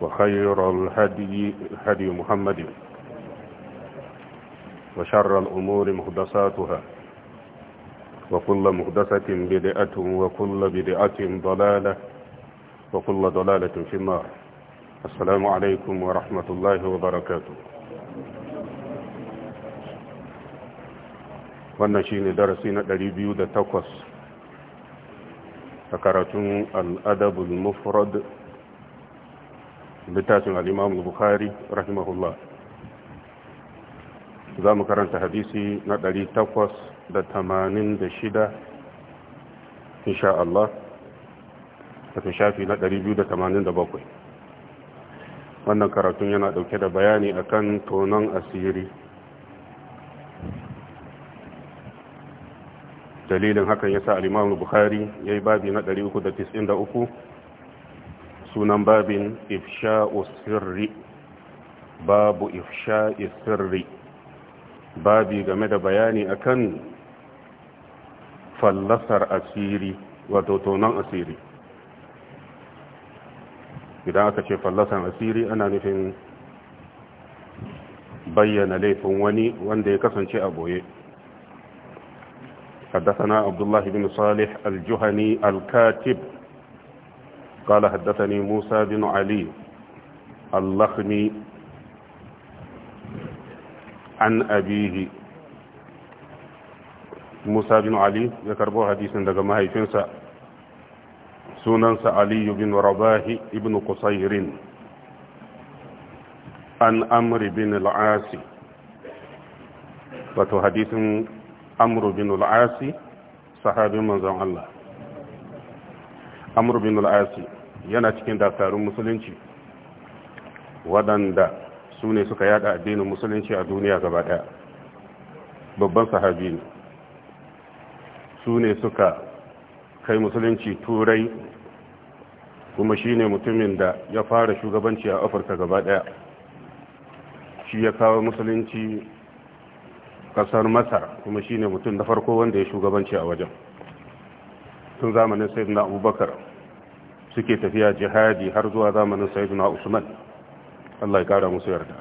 وخير الهدي هدي محمد وشر الأمور محدثاتها وكل محدثة بدعة وكل بدعة ضلالة وكل ضلالة في النار السلام عليكم ورحمة الله وبركاته wannan shi ne darasi na 208 a karatun al'adabul mufrad littafin al'imam bukhari rahimahullah za mu karanta hadisi na 886 insha Allah tafi shafi na 287 wannan karatun yana dauke da bayani akan tonon asiri dalilin hakan ya sa al'imam bukhari ya yi babi na 393 sunan babin ifsha'u sirri babu ifsha'i sirri babi game da bayani akan fallasar asiri wato tonon asiri idan aka ce fallasar asiri ana nufin bayyana laifin wani wanda ya kasance a boye حدثنا عبد الله بن صالح الجهني الكاتب قال حدثني موسى بن علي اللخمي عن أبيه موسى بن علي يكربو حديث دقا ما هيفنسا سننس علي بن رباه ابن قصير عن أمر بن العاص وتو حديث أمر بن العاص صحابي من زمان الله أمر بن العاص yana cikin dakarun musulunci waɗanda su ne suka yada addinin musulunci a duniya gaba ɗaya babban sahabi ne su ne suka kai musulunci turai kuma shi ne mutumin da ya fara shugabanci a afirka gaba ɗaya shi ya kawo musulunci ƙasar masar kuma shi ne mutum da farko wanda ya shugabanci a wajen tun zamanin sai na abubakar suke tafiya jihadi har zuwa zamanin sayyiduna usman Allah ya kara musu yarda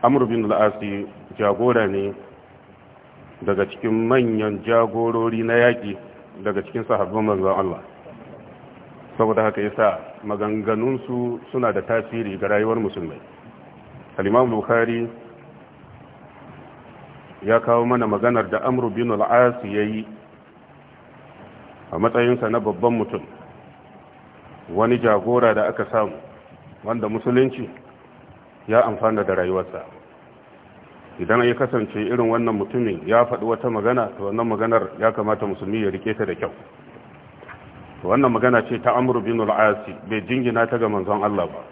amr bin al-asi jagora ne daga cikin manyan jagorori na yaki daga cikin sahabban manzon Allah saboda haka yasa maganganunsu suna da tasiri ga rayuwar musulmai al-imam bukhari ya kawo mana maganar da amru bin al asi yayi a matsayinsa na babban mutum wani jagora da aka samu wanda musulunci ya amfana da rayuwarsa idan ya kasance irin wannan mutumin ya faɗi wata magana ta wannan maganar ya kamata musulmi ya rike ta da kyau wannan magana ce ta amuru bin al bai jingina ta ga manzon Allah ba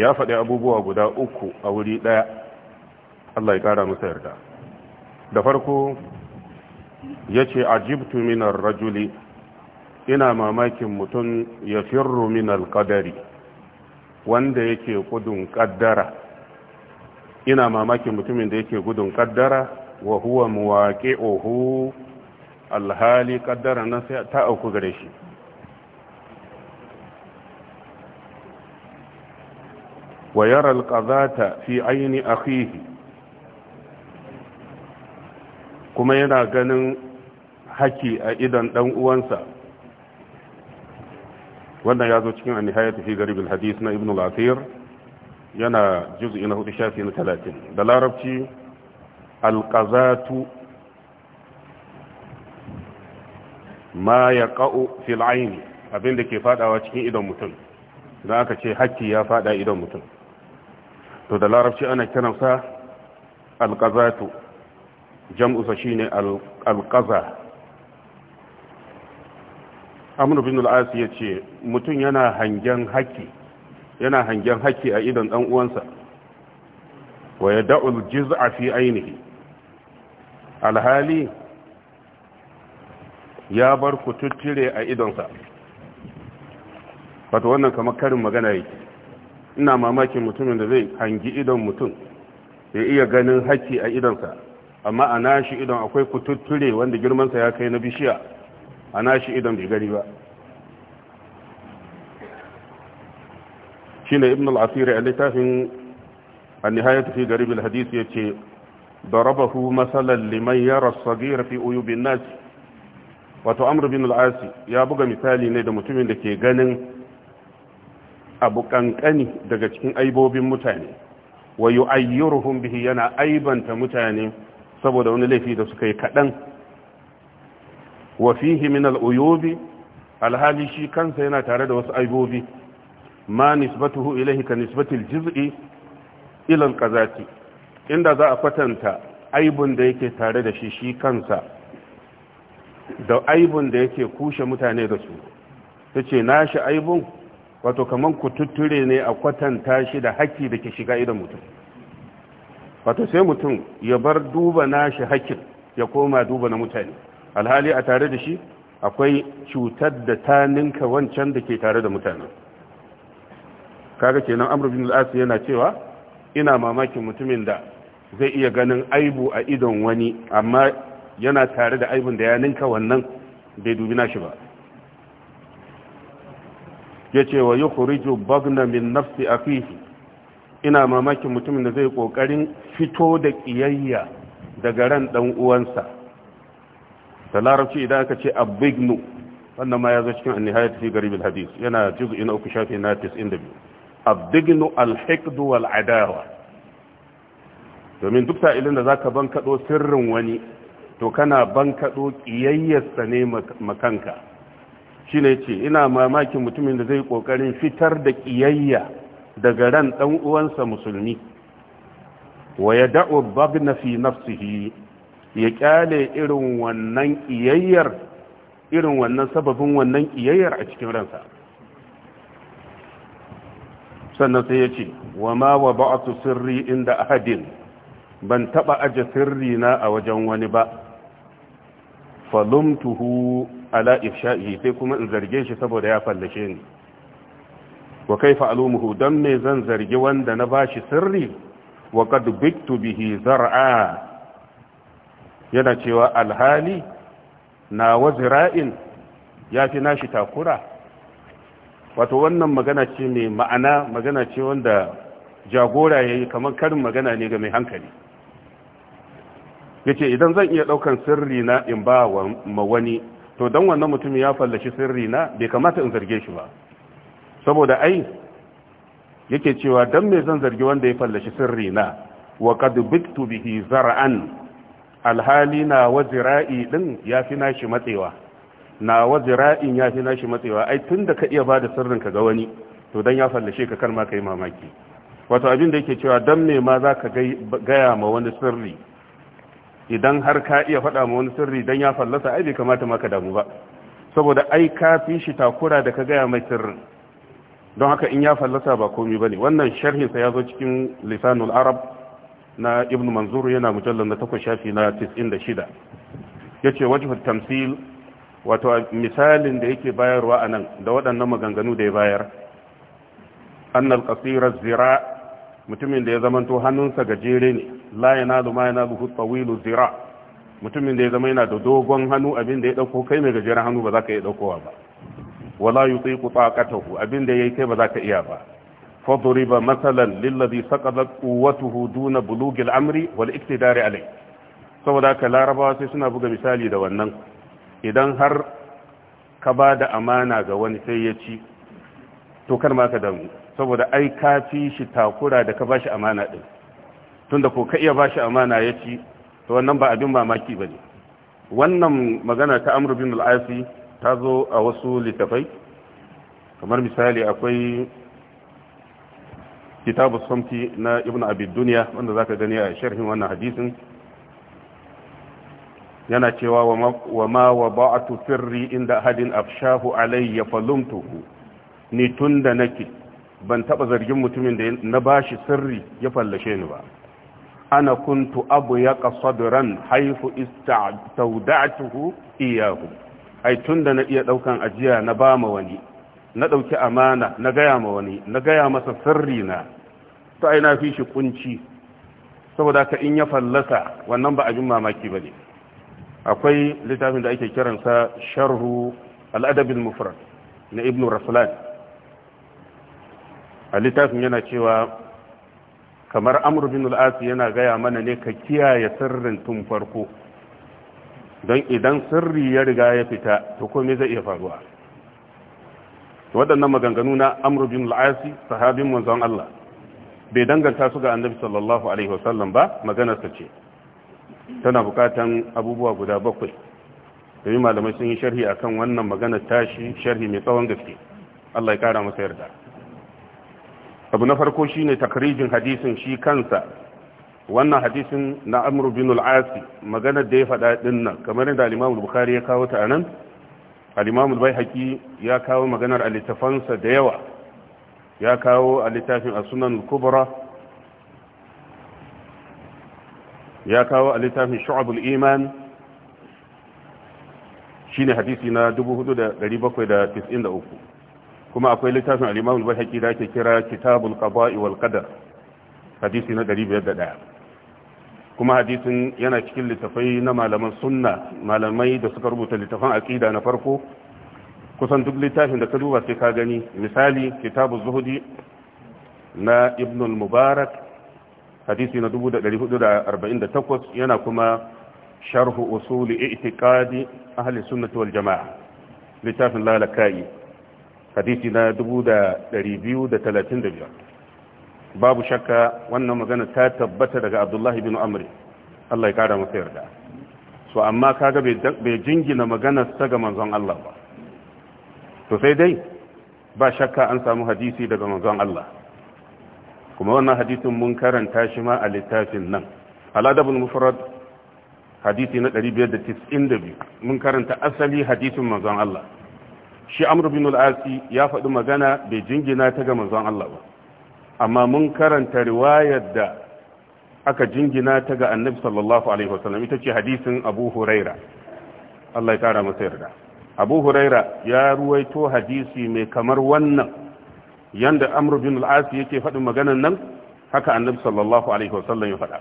ya faɗi abubuwa guda uku a wuri ɗaya Allah ya ƙara masa yarda da farko ya ce ajibtu minar rajuli ina mamakin mutum ya firru minar kadari wanda yake gudun kaddara ina mamakin mutumin da yake gudun kaddara wa huwa muwaƙe ohu alhali kaddara na ta auku gare shi wa yara alƙazata fi aini akhihi kuma yana ganin haki a idan dan uwansa wannan ya zo cikin annihayatu fi garibin hadis na ibn yana juz'i na hudu shafi na talatin da larabci alqazatu ma yaqa'u fil ayn abinda ke fadawa cikin idan mutum idan aka ce haki ya fada idan mutum to da larabci ana kiransa alqazatu jam'usa shine alqaza amr bin al ya yace mutun yana hangen haki yana hangen haki a idan dan uwansa wa yad'u al-jiz'a fi ainihi alhali ya bar ku tuttire a idonsa wato wannan kamar karin magana yake ina mamakin mutumin da zai hangi idon mutum ya iya ganin haki a idonsa amma a nashi idan akwai kututture wanda girmansa ya kai na bishiya a nashi idan bai gari ba shine ibn al-asiri a littafin a nihayatu fi garib al-hadith yace darabahu masalan liman yara as-saghira fi nas wato amr bin al ya buga misali ne da mutumin da ke ganin abu kankani daga cikin aibobin mutane wa yu'ayyiruhum bihi yana aibanta mutane saboda wani laifi da suka yi kaɗan wa fihi min al'uyobi alhali shi kansa yana tare da wasu aibobi ma nisbatuhu ilahi ka nisbatil jiz'i ilan kazati inda za a kwatanta aibun da yake tare da shi shi kansa da aibun da yake kushe mutane da su ta ce nashi aibun wato kaman tutture ne a kwatanta shi da haƙƙi da ke shiga idan mutum wato sai mutum ya bar duba nashi hakkin ya koma duba na mutane alhali a tare da shi akwai cutar da ta ninka wancan da ke tare da mutane kaga kenan nan amurbin al'asu yana cewa ina mamakin mutumin da zai iya ganin aibu a idon wani amma yana tare da aibun da ya ninka wannan bai dubi nashi ba Ya ce wa yukhriju na min nafsi a akhihi ina mamakin mutumin da zai kokarin fito da kiyayya daga ran dan uwansa da larabci idan aka ce abignu wannan ma ya zo cikin annihayat fi garib alhadis yana juz'in ina uku shafi na 92 abignu alhiqd wal adawa domin duk sa'ilin da zaka bankado sirrin wani to kana bankado kiyayyarsa ne makanka shine yace ina mamakin mutumin da zai kokarin fitar da kiyayya daga ran ɗan uwansa musulmi wa ya da'u babna fi nafsihi ya kyale irin wannan kiyayyar irin wannan sababin wannan kiyayyar a cikin ransa sannan sai ya ce wa ma wa ba'atu sirri inda ahadin ban taba aje sirri na a wajen wani ba falumtuhu ala ifsha'i sai kuma in zarge shi saboda ya fallashe ni wa kaifa alumuhu don me zan zargi wanda na ba shi sirri wa qad bihi zar'a yana cewa alhali na wazira'in ya fi nashi takura wato wannan magana ce mai ma'ana magana ce wanda jagora ya yi kamar karin magana ne ga mai hankali ya idan zan iya ɗaukan sirri na in ba wa wani to don wannan mutum ya fallaci sirri na bai kamata in zarge shi ba saboda ai yake cewa dan me zan zargi wanda ya fallashi sirri na wa qad biktu bihi zar'an alhali na wa zira'i din fi nashi matsewa na wa ya fi nashi matsewa ai tunda ka iya bada sirrin ka ga wani to dan ya fallashe ka kar ma kai mamaki wato abin da yake cewa dan me ma za ka gaya ma wani sirri idan har ka iya faɗa ma wani sirri dan ya fallasa ai bai kamata ma ka damu ba saboda ai ka fi shi takura da ka gaya mai sirrin don haka in ya fallasa ba komi bane wannan sharhin sa zo cikin lisanul arab na ibn manzur yana mujallar na takwas shafi na 96 yace wajhu tamsil wato misalin da yake bayarwa a nan da waɗannan maganganu da ya bayar annal qasira zira mutumin da ya zamanto hannunsa gajere ne la yanalu ma yanalu tawilu zira mutumin da ya zama yana da dogon hannu abin da ya ɗauko kai mai gajeren hannu ba za ka iya daukowa ba wala abin da abinda yayi kai ba za ka iya ba fadriba matsalan lillazi saqadat quwwatuhu duna bulughi al-amri wal iktidari alayh saboda ka larabawa sai suna buga misali da wannan idan har ka ba da amana ga wani sai ya ci to kar ma ka damu saboda ai ka fi shi takura da ka ba shi amana din tunda ko ka iya ba shi amana ya ci to wannan ba abin mamaki ba ne wannan magana ta amru bin al-asi ta zo a wasu littafai kamar misali akwai kitabu samti na ibn abid duniya wanda zaka gani a sharhin wannan hadisin yana cewa wa ma wa ba'atu firri inda hadin afshahu alayya falumtuhu ni tunda nake ban taba zargin mutumin da na bashi sirri ya fallashe ni ba ana kuntu abu ya haifu ista istawda'tuhu iyyahu ai tun da na iya ɗaukan ajiya na ba ma wani na ɗauki amana na gaya ma wani na gaya masa sirri na to ai na fi shi kunci saboda ka in ya fallasa wannan ba abin mamaki ba ne akwai littafin da ake kiransa sharhu al mufrad na ibnu raslan a littafin yana cewa kamar amru bin al-as yana gaya mana ne ka kiyaye sirrin tun farko don idan sirri ya riga ya fita to komai zai iya faruwa waɗannan maganganu na amru bin al sahabin manzon Allah bai danganta su ga annabi sallallahu alaihi wasallam ba maganarsa ce tana bukatan abubuwa guda bakwai domin malamai sun yi sharhi akan wannan maganar tashi sharhi mai tsawon gaske Allah ya kara masa yarda abu na farko shine takrijin hadisin shi kansa wannan hadisin na amru bin al-asi magana da ya faɗa din nan kamar da al-imam bukhari ya kawo ta anan al-imam al ya kawo maganar al da yawa ya kawo al-littafin as-sunan kubra ya kawo al-littafin shu'ab al-iman shine hadisi na 4793 kuma akwai littafin al-imam al-baihaqi da ake kira kitabul qada'i wal qadar hadisi na 501 kuma hadisin yana cikin littafai na malaman sunna malamai da suka rubuta littafan aqida na farko kusan duk littafin da ka duba sai ka gani misali kitabu zuhudi na ibn mubarak hadisi na 1448 yana kuma sharhu usuli i'tiqadi ahli sunnati wal jamaa littafin lalakai hadisi na 2235 babu shakka wannan magana ta tabbata daga abdullahi bin amri Allah ya kara masa yarda so amma kaga bai jingina maganar ta ga manzon Allah ba to sai dai ba shakka an samu hadisi daga manzon Allah kuma wannan hadisin mun karanta shi ma a littafin nan al-adabul mufrad hadisi na 592 mun karanta asali hadisin manzon Allah shi amr bin al-asi ya faɗi magana bai jingina ta ga manzon Allah ba amma mun karanta riwayar da aka jingina ta ga annabi sallallahu alaihi wasallam ita ce hadisin abu huraira Allah ya kara masa yarda abu huraira ya ruwaito hadisi mai kamar wannan yanda amr bin al-as yake faɗin maganar nan haka annabi sallallahu alaihi wasallam ya faɗa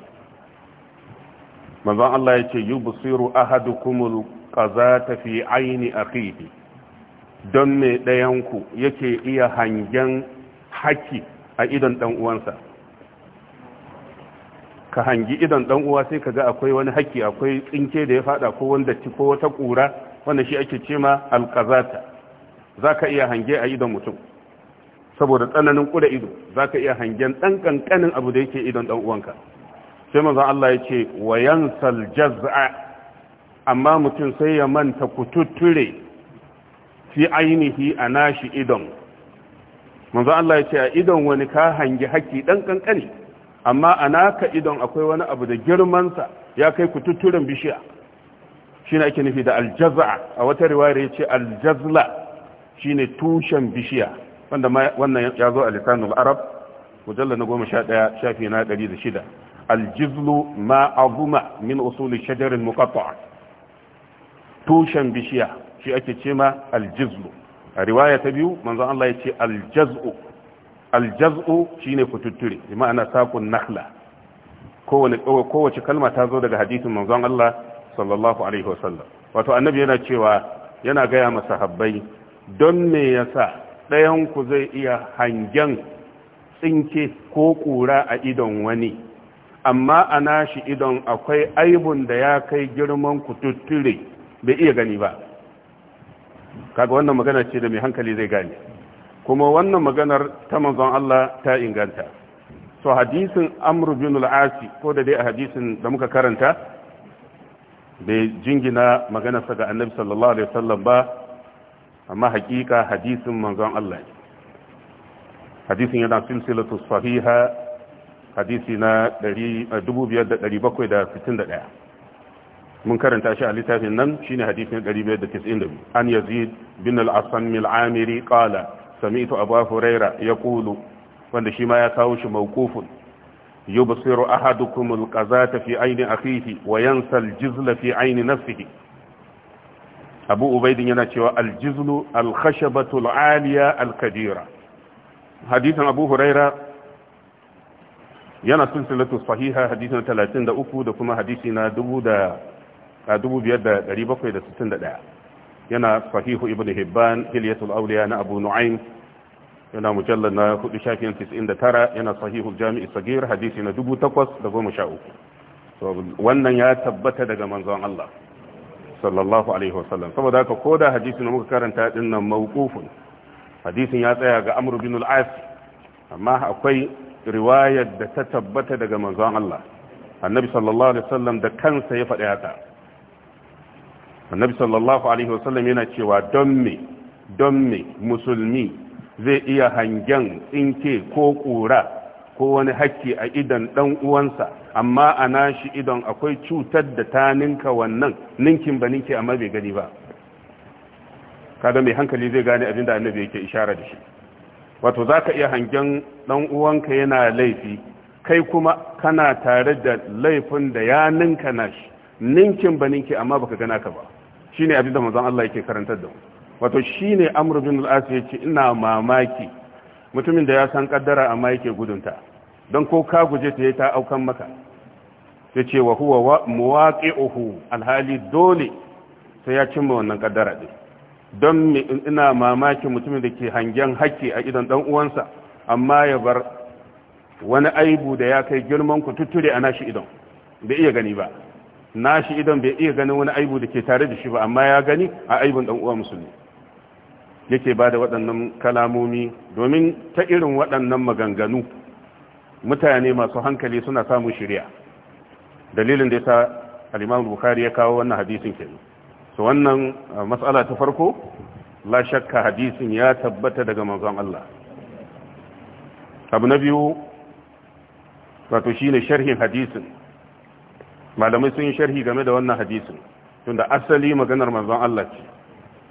manzon Allah ya ce yubsiru ahadukumul qazata fi aini akhihi don me ɗayanku yake iya hangen haki a idon dan uwansa ka hangi idon dan uwa sai ka ga akwai wani haƙƙi akwai tsinke da ya fada ko wanda ci ko wata ƙura wanda shi ake ce ma alƙazata za ka iya hange a idon mutum saboda tsananin ƙuda ido za ka iya hangen ɗan ƙanƙanin abu da yake idon dan uwanka sai mazan Allah ya ce wa yansal jaz'a amma mutum sai ya manta kututture fi ainihi a nashi idon manzo Allah ya ce a idon wani ka hangi haƙƙi ɗan ƙanƙani amma a naka idon akwai wani abu da girmansa ya kai ku tutturen bishiya ne ake nufi da aljaza a wata riwayar ya ce aljazla shine tushen bishiya wanda wannan ya zo a lisanul arab mujalla na goma sha ɗaya shafi na ɗari da shida aljizlu ma azuma min usuli shajarin muqatta'a tushen bishiya shi ake ce ma aljizlu a riwaya ta biyu manzon Allah ya ce aljaz'u aljaz'u shine kututture bi ma'ana sakun nakhla kowace kowace kalma ta zo daga hadisin manzon Allah sallallahu alaihi wasallam wato annabi yana cewa yana gaya ya masahabbai don me yasa ɗayan ku zai iya hangen tsinke ko kura a idon wani amma a shi idon akwai aibun da ya kai girman kututture bai iya gani ba kaga wannan magana ce da mai hankali zai gane kuma wannan maganar ta manzon Allah ta inganta so hadisin amr bin al-asi ko da dai a hadisin da muka karanta bai jingina maganarsa ga annabi sallallahu alaihi wasallam ba amma hakika hadisin manzon Allah ne hadisin yana silsilatu sahiha hadisi na 2761 mun karanta shi a littafin nan shine hadisin 592 an yazid bin al-asam al-amiri qala sami'tu abu ya yaqulu wanda shima ya kawo shi mawqufun yubsiru ahadukum al-qazata fi ayni akhihi wa yansa al-jizla fi ayni nafsihi abu ubaidin yana cewa al-jizlu al-khashabatu al-aliya al-kadira hadisin abu yana silsilatu sahiha hadisin 33 da kuma hadisi na da. 5761 yana sahihu ibn hibban hilyatul auliya na abu nu'aym yana mujallar na 4 shafin 99 yana sahihul jami'i sagir hadisi na 8013 wannan ya tabbata daga manzon Allah sallallahu alaihi wasallam saboda haka koda hadisi na muka karanta din nan mawqufun hadisin ya tsaya ga amr bin al-as amma akwai riwayar da ta tabbata daga manzon Allah annabi sallallahu alaihi wasallam da kansa ya faɗi haka annabi sallallahu alaihi wasallam yana cewa don me don me musulmi zai iya hangen tsinke ko kura ko wani hakki a idan dan uwansa amma a nashi idan akwai cutar da ta ninka wannan ninkin ba ninki amma bai gani ba kada mai hankali zai gane abinda annabi yake ishara da shi wato zaka iya hangen dan uwanka yana laifi kai kuma kana tare da laifin da ya ninka nashi ninkin ba ninki amma baka gana ka ba shine abin da manzon Allah yake karantar da mu wato shine Amr bin al-As yace ina mamaki mutumin da ya san kaddara amma yake gudunta don ko ka guje ta ta aukan maka yace wa huwa muwaqi'uhu alhali dole sai ya cimma wannan kaddara din don ina mamaki mutumin da ke hangen haƙƙi a idan dan uwansa amma ya bar wani aibu da ya kai girman ku tutture ana shi idan bai iya gani ba nashi idan bai iya ganin wani aibu da ke tare da shi ba amma ya gani a aibun dan uwa musulmi yake ba da waɗannan kalamomi domin ta irin waɗannan maganganu mutane masu hankali suna samun shirya dalilin da ya sa al'imam bukhari ya kawo wannan hadisin kenan su wannan uh, matsala ta farko la shakka hadisin ya tabbata daga manzon Allah abu na biyu wato shine sharhin hadisin malamai sun yi sharhi game da wannan hadisin tunda asali maganar manzon Allah ce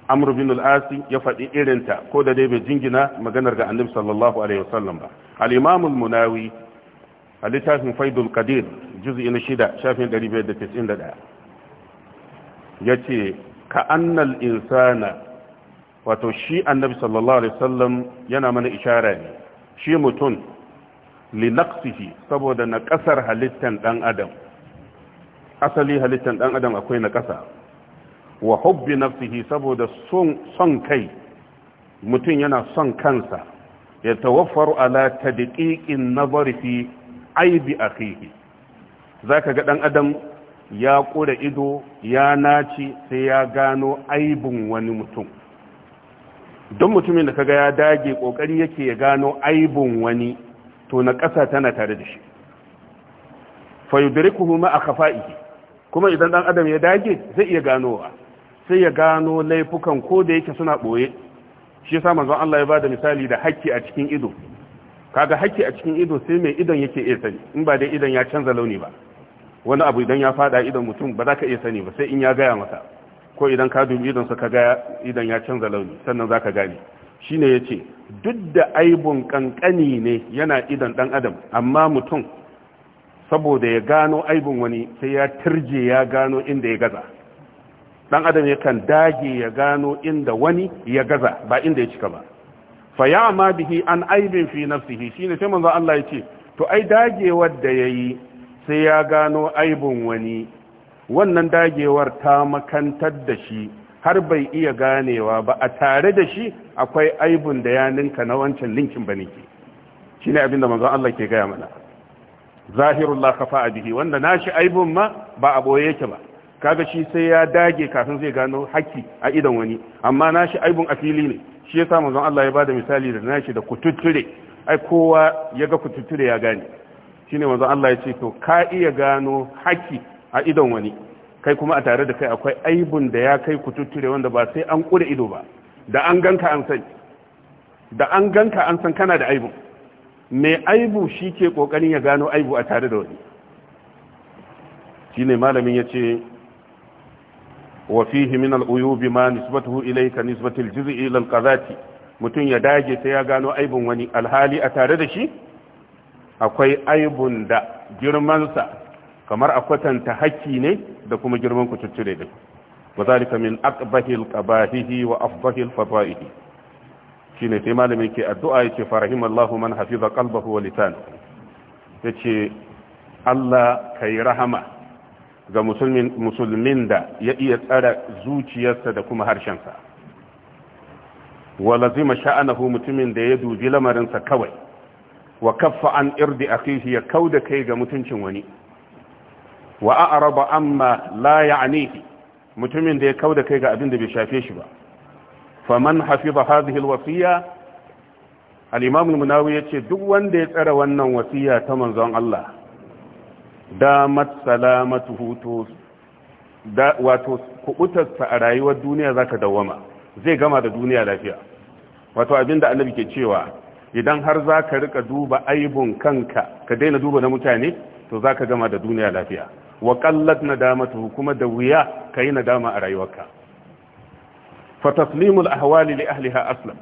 amr bin al-asi ya faɗi irin ta ko da dai bai jingina maganar ga annabi sallallahu alaihi wasallam ba al-imam al-munawi a littafin faidul qadir juz'i na 6 shafin 591 yace ka annal insana wato shi annabi sallallahu alaihi wasallam yana mana ishara ne shi mutum li naqsihi saboda na kasar halittan dan adam asali halittar dan adam akwai na ƙasa wa hubbi nafsihi saboda son kai mutum yana son kansa ya tawaffaru ala tadqiqin nazari fi aibi akhihi zaka ga dan adam ya kura ido ya naci sai ya gano aibin wani mutum don mutumin da kaga ya dage kokari yake ya gano aibin wani to na ƙasa tana tare da shi fa yudrikuhu ma akhafa'ihi kuma idan dan adam ya dage zai iya gano ganowa sai ya gano laifukan ko da yake suna boye shi yasa manzo Allah ya bada misali da haƙi a cikin ido kaga hakki a cikin ido sai mai idon yake iya sani in ba dai idon ya canza launi ba wani abu idan ya fada idon mutum ba za ka iya sani ba sai in ya gaya masa ko idan ka dubi idon sa ka ga idon ya canza launi sannan za ka gane shine yace duk da aibun kankani ne yana idon dan adam amma mutum saboda ya gano aibin wani sai ya turje ya gano inda ya gaza dan adam yakan dage ya gano inda wani ya gaza ba inda ya cika ba fa ya'ma bihi an aibin fi nafsihi shine sai manzo Allah yace to ai dagewar da yayi sai ya gano aibin wani wannan dagewar ta makantar da shi har bai iya ganewa ba a tare da shi akwai aibin da ya ninka na wancan linkin ba ne ke shi abinda manzo Allah ke gaya mana zahirun la a bihi wanda nashi aibun ma ba a boye yake ba kaga shi sai ya dage kafin zai gano haƙƙi a idan wani amma nashi aibun a fili ne shi yasa manzon Allah ya bada misali da nashi da kututture ai kowa ya ga kututture ya gane shine manzon Allah ya ce to ka iya gano haƙƙi a idan wani kai kuma a tare da kai akwai aibun da ya kai kututture wanda ba sai an ƙure ido ba da an ganka an san da an ganka an san kana da aibun mai aibu shi ke ƙoƙarin ya gano aibu a tare da wani shi ne malamin ya ce wa fihi al'uyubi ma nisbatuhu ilaika nisbatul juz'i ila al mutum ya dage sai ya gano aibun wani alhali a tare da shi akwai aibun da girmansa kamar a kwatanta haƙƙi ne da kuma girman kututtule da ba zalika min aqbahil qabahihi wa afdahil fadaihi shine sai malamin ke addu'a yake farahim Allahu man hafiza qalbahu wa lisanahu yace Allah kai rahama ga musulmin musulmin da ya iya tsara zuciyarsa da kuma harshensa wa lazima sha'anahu mutumin da ya dubi lamarinsa kawai wa kaffa an irdi akhihi ya kauda kai ga mutuncin wani wa a'raba amma la ya'nihi mutumin da ya kauda kai ga abin da bai shafe shi ba faman hafiza hadhihi alwasiya al-imam al-munawi yace duk wanda ya tsara wannan wasiya ta manzon Allah damat salamatuhu to da wato kubutarsa a rayuwar duniya zaka dawama zai gama da duniya lafiya wato abinda annabi ke cewa idan har zaka rika duba aibun kanka ka daina duba na mutane to zaka gama da duniya lafiya wa qallat nadamatuhu kuma da wuya kai nadama a rayuwarka fa taslimul ahwali li ahliha aslam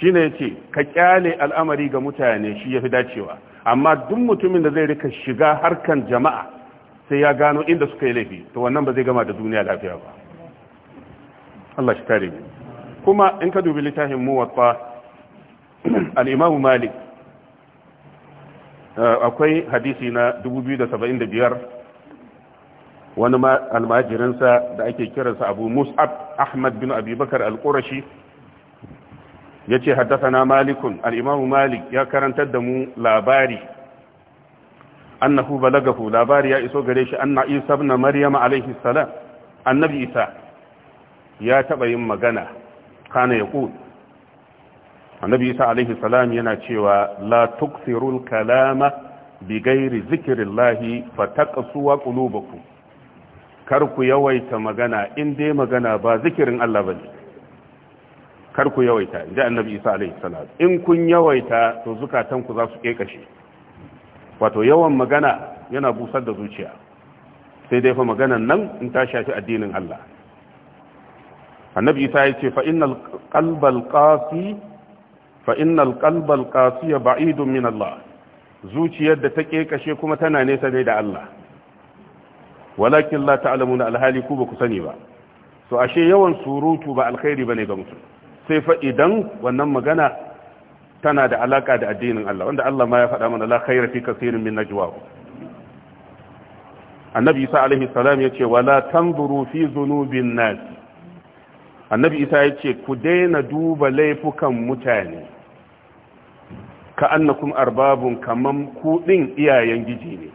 shine yace ka kyale al'amari ga mutane shi yafi dacewa amma duk mutumin da zai rika shiga harkan jama'a sai ya gano inda suka yi laifi to wannan ba zai gama da duniya lafiya ba Allah shi tare kuma in ka dubi littafin muwatta al-Imam Malik eh, akwai hadisi na 2075 wani almajirinsa da ake kiransa abu mus'ab ahmad bin abubakar al-qurashi ya ce haddasa malikun al'imamu malik ya karantar da mu labari annahu balagahu labari ya iso gare shi anna isa na maryama alaihi salam annabi isa ya taɓa yin magana kana ya ƙun annabi isa alaihi salam yana cewa la tuksirul kalama bi gairi zikirillahi fa taqsuwa qulubakum kar ku yawaita magana in dai magana ba zikirin Allah bane kar ku yawaita inda annabi Isa alaihi salatu in kun yawaita to zukatan ku za su kekashe wato yawan magana yana busar da zuciya sai dai fa maganan nan in ta shafi addinin Allah annabi Isa ya ce fa innal qalbal qasi fa innal qalbal qasi ba'idun min Allah zuciyar da ta kekashe kuma tana nesa ne da Allah walakin la ta'lamuna alhali ku ba ku sani ba to ashe yawan surutu ba alkhairi bane ga mutum sai fa idan wannan magana tana da alaka da addinin Allah wanda Allah ma ya faɗa mana la khayra fi kaseerin min najwa annabi isa alaihi salam yace wala tanzuru fi zunubin nas annabi isa yace ku daina duba laifukan mutane ka annakum arbabun kaman ku din iyayen giji ne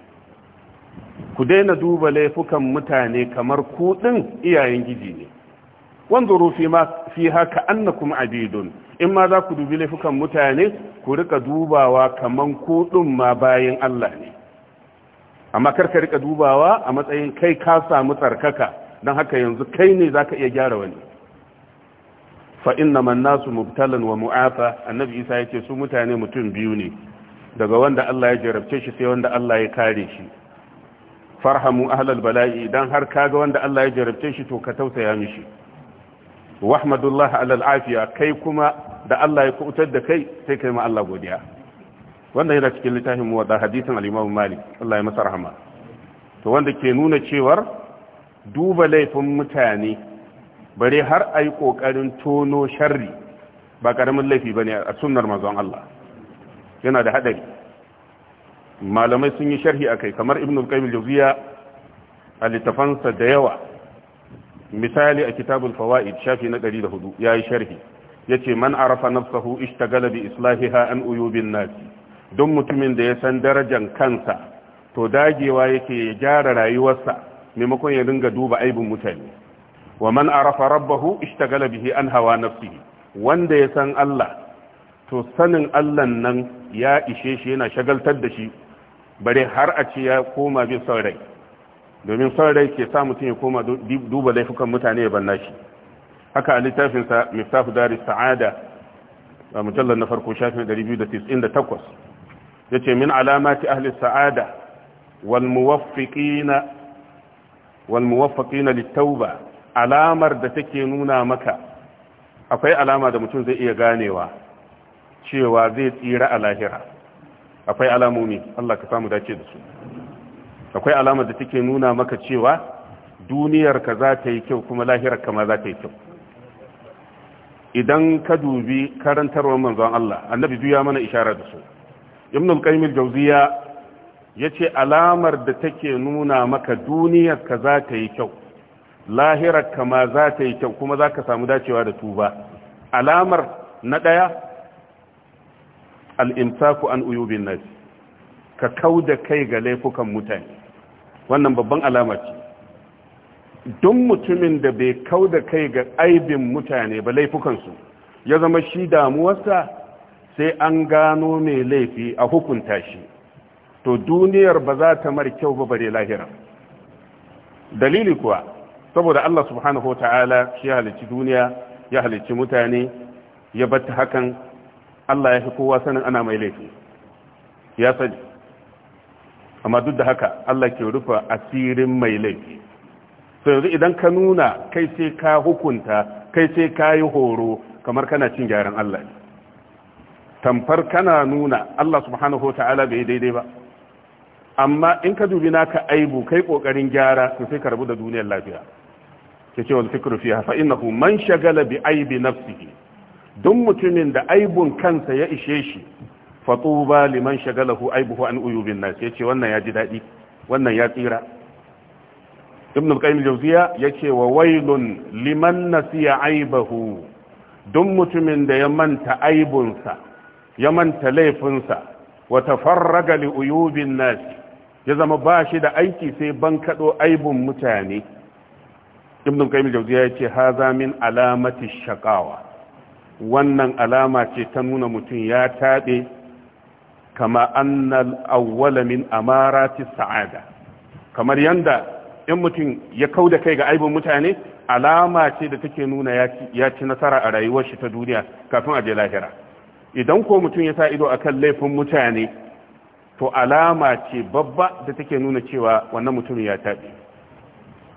ku daina duba laifukan mutane kamar kuɗin iyayen giji ne wanzuru fi ma fi haka annakum abidun in ma za ku dubi laifukan mutane ku rika dubawa kamar kuɗin ma bayan Allah ne amma kar ka rika dubawa a matsayin kai ka samu tsarkaka don haka yanzu kai ne zaka iya gyara wani fa inna man nasu mubtalan wa mu'afa annabi Isa yake su mutane mutum biyu ne daga wanda Allah ya jarabce shi sai wanda Allah ya kare shi farhamu ahlal bala'i idan har kaga wanda Allah ya jarabce shi to ka tausaya mishi wahmadullah alal afiya kai kuma da Allah ya kutar da kai sai kai ma Allah godiya wanda yana cikin littafin muwadda hadisin al-Imam Malik Allah ya masa rahama to wanda ke nuna cewar duba laifin mutane bare har ai kokarin tono sharri ba karamin laifi bane a sunnar manzon Allah yana da hadari malamai sun yi sharhi kai kamar ibn al-qayyim a littafansa da yawa misali a kitabul fawaid shafi na 104 yi sharhi ce man arafa nafsahu ishtagala bi islahiha an uyubin nasi don mutumin da ya san darajan kansa to dagewa yake ya gyara rayuwarsa maimakon ya dinga duba aibin mutane wa man arafa rabbahu ishtagala bihi an hawa nafsihi wanda ya san Allah to sanin Allah nan ya ishe shi yana shagaltar da shi bare har a ce ya koma bin son rai domin son rai ke sa mutum ya koma duba laifukan mutane ya banna shi haka a littafinsa miftahu dari sa'ada a mujallar na farko shafin 298 ya ce min alamati ahli sa'ada wal muwaffiqina littauba alamar da take nuna maka akwai alama da mutum zai iya ganewa cewa zai tsira a lahira akwai alamomi Allah ka samu dace da su akwai alamar da take nuna maka cewa duniyar ka za ta yi kyau kuma lahirar ka ma za ta yi kyau idan ka dubi karantarwa manzon Allah annabi duya mana isharar da su ibn al-qayyim al-jawziya yace alamar da take nuna maka duniyar ka za ta yi kyau lahirar ka ma za ta yi kyau kuma za ka samu dacewa da tuba alamar na daya al’imtaku an uyubin nasi ka kau da kai ga laifukan mutane wannan babban alama ce don mutumin da bai kau da kai ga aibin mutane ba laifukansu ya zama shi damuwarsa sai an gano mai laifi a hukunta shi to duniyar ba za ta mar kyau ba bare lahira dalili kuwa saboda Allah subhanahu wa ta'ala shi halicci duniya ya halicci mutane ya bata hakan Allah ya fi kowa sanin ana mai laifi ya sani amma duk da haka Allah ke rufa asirin mai laifi sai yanzu idan ka nuna kai sai ka hukunta kai sai ka yi horo kamar kana cin gyaran Allah tamfar kana nuna Allah subhanahu ta'ala bai daidai ba amma in ka dubi naka aibu kai kokarin gyara to sai ka rabu da duniyar lafiya ke cewa wal fikru fiha fa innahu man shagala bi aibi nafsihi duk mutumin da aibun kansa ya ishe shi ba liman shagalahu aibuhu an uyubin nas yace wannan ya ji dadi wannan ya tsira ibn al-qayyim jawziya yace wa wailun liman nasiya aibahu duk mutumin da ya manta aibunsa ya manta laifinsa wa tafarraga li uyubin nas ya zama ba shi da aiki sai ban kado aibun mutane ibn al-qayyim jawziya yace haza min alamati shaqawa wannan alama ce ta nuna mutum ya taɓe kama annal awwala min amarati sa'ada kamar yanda in mutum ya da kai ga aibin mutane alama ce da take nuna ya ci nasara a rayuwar shi ta duniya kafin a je lahira idan ko mutum ya sa ido akan laifin mutane to alama ce babba da take nuna cewa wannan mutum ya taɓe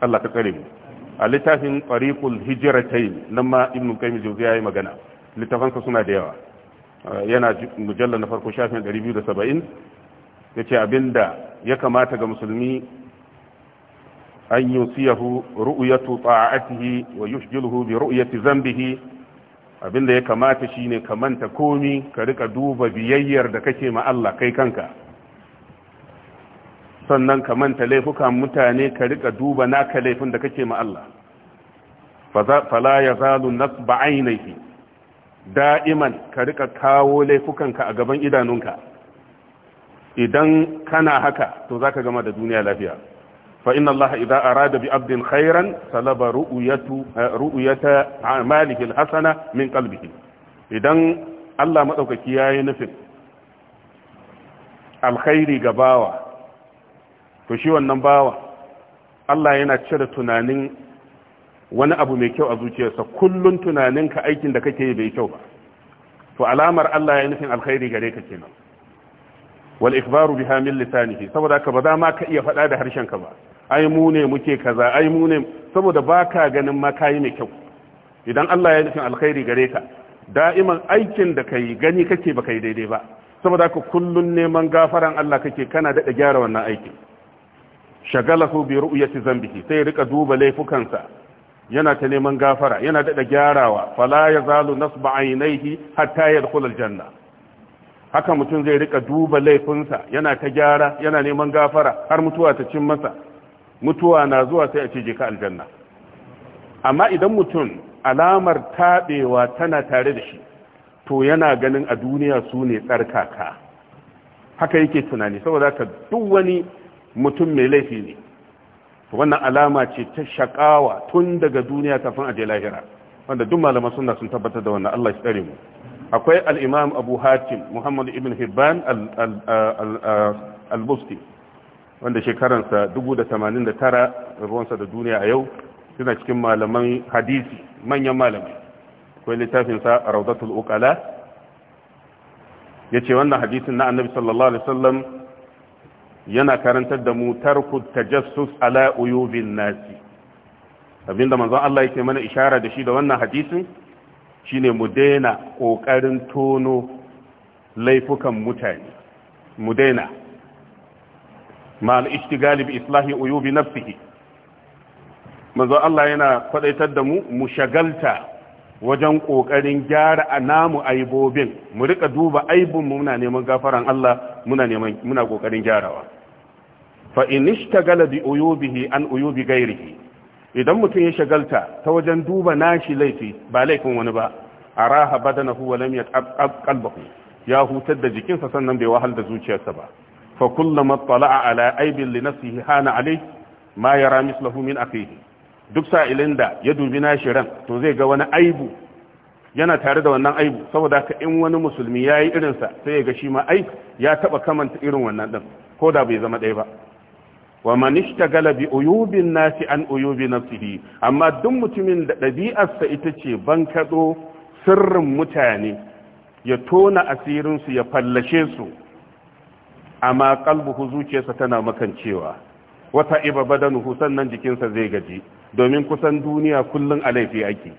Allah ka kare mu a littafin ƙwariƙul hijiratai nan ma ibn qayyim ya yi magana littafansa suna da yawa uh, yana mujallar na farko shafin 270 ya ce abinda ya kamata ga musulmi an yi siyahu ru'uyatu ta'atihi wa yushjiluhu bi ru'yati zambihi abinda ya kamata shine ka manta komi ka rika duba biyayyar da kake ma Allah kai kanka sannan ka manta laifukan mutane ka rika duba naka laifin da kake ma Allah fala yazalu nasba ainihi da'iman ka rika kawo laifukanka a gaban idanunka idan kana haka to ka gama da duniya lafiya fa inna allaha idza arada bi abdin khairan salaba ru'yatu eh, ru'yata a'malihi alhasana min qalbihi idan Allah madaukaki yayi nufin alkhairi ga bawa to shi wannan bawa Allah yana cire tunanin wani abu mai kyau a zuciyarsa kullun tunaninka aikin da kake yi bai kyau ba to alamar Allah ya nufin alkhairi gare ka kenan wal ikbaru biha min lisanihi saboda ka ba za ma ka iya faɗa da harshen ka ba ai mu ne muke kaza ai mu ne saboda baka ganin ma kai mai kyau idan Allah ya nufin alkhairi gare ka da'iman aikin da kai gani kake ba kai daidai ba saboda ka kullun neman gafaran Allah kake kana da gyara wannan aikin shagalahu bi ru'yati zambihi sai rika duba laifukansa yana ta neman gafara yana daɗa gyarawa fala ya zalu nasba ainihi hatta ya dukula janna haka mutum zai rika duba laifinsa yana ta gyara yana neman gafara har mutuwa ta cin masa mutuwa na zuwa sai a ce je ka aljanna amma idan mutum alamar taɓewa tana tare da shi to yana ganin a duniya su ne tsarkaka haka yake tunani saboda ka duk wani mutum mai laifi ne wannan alama ce ta shakawa tun daga duniya kafin a je lahira wanda duk malaman sunna sun tabbatar da wannan Allah ya tsare mu akwai al-imam Abu Hatim Muhammad ibn Hibban al-Busti wanda sa 1089 ruwansa da duniya a yau suna cikin malaman hadisi manyan malamai akwai littafin sa Rawdatul Uqala yace wannan hadisin na Annabi sallallahu alaihi wasallam yana karantar da mu tarku tajassus ala uyubin nasi abinda manzon Allah yake mana ishara da shi da wannan hadisin shine mu daina kokarin tono laifukan mutane mu daina mal ishtigali bi islahi uyubi nafsihi manzo Allah yana kwadaitar da mu mu shagalta wajen kokarin gyara anamu aibobin mu rika duba aibin mu muna neman gafaran Allah muna neman muna kokarin gyarawa fa in ishtagala bi uyubihi an uyubi ghairihi idan mutum ya shagalta ta wajen duba nashi laifi ba laifin wani ba araha badanahu wa lam yat'ab qalbuhu ya hutar da jikinsa sannan bai wahal da zuciyarsa ba fa kullama tala'a ala aibin li nafsihi hana alayhi ma yara mislahu min akhihi duk sa ilinda ya dubi nashi ran to zai ga wani aibu yana tare da wannan aibu saboda ka in wani musulmi yayi irinsa sai ya ga shi ma ai ya taba kamanta irin wannan din ko da bai zama ɗaya ba wa man ishtagala bi uyubin nasi an uyubi nafsihi amma duk mutumin da ɗabi'arsa ita ce bankado sirrin mutane ya tona asirin su ya fallashe su amma qalbuhu zuciyarsa tana makancewa wata iba badanuhu sannan jikinsa zai gaji domin kusan duniya kullun a laifi ake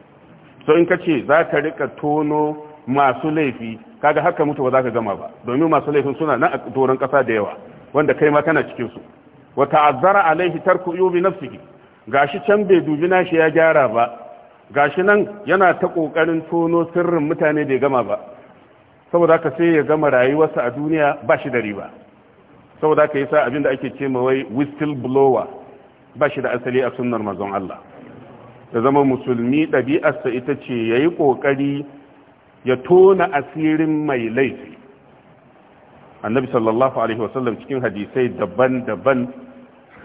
so in ce za ka rika tono masu laifi kaga haka mutu ba za ka gama ba domin masu laifin suna nan a doron kasa da yawa wanda kai ma kana cikin su wa ta'azzara alaihi tarku yubi nafsihi gashi can bai dubi shi ya gyara ba gashi nan yana ta kokarin tono sirrin mutane bai gama ba saboda haka sai ya gama rayuwarsa a duniya ba shi da riba saboda haka yasa abinda ake ce ma wai whistle blower ba shi da asali a sunnar manzon Allah da zama musulmi sa ita ce yayi kokari ya tona asirin mai laifi annabi sallallahu alaihi wasallam cikin hadisai daban-daban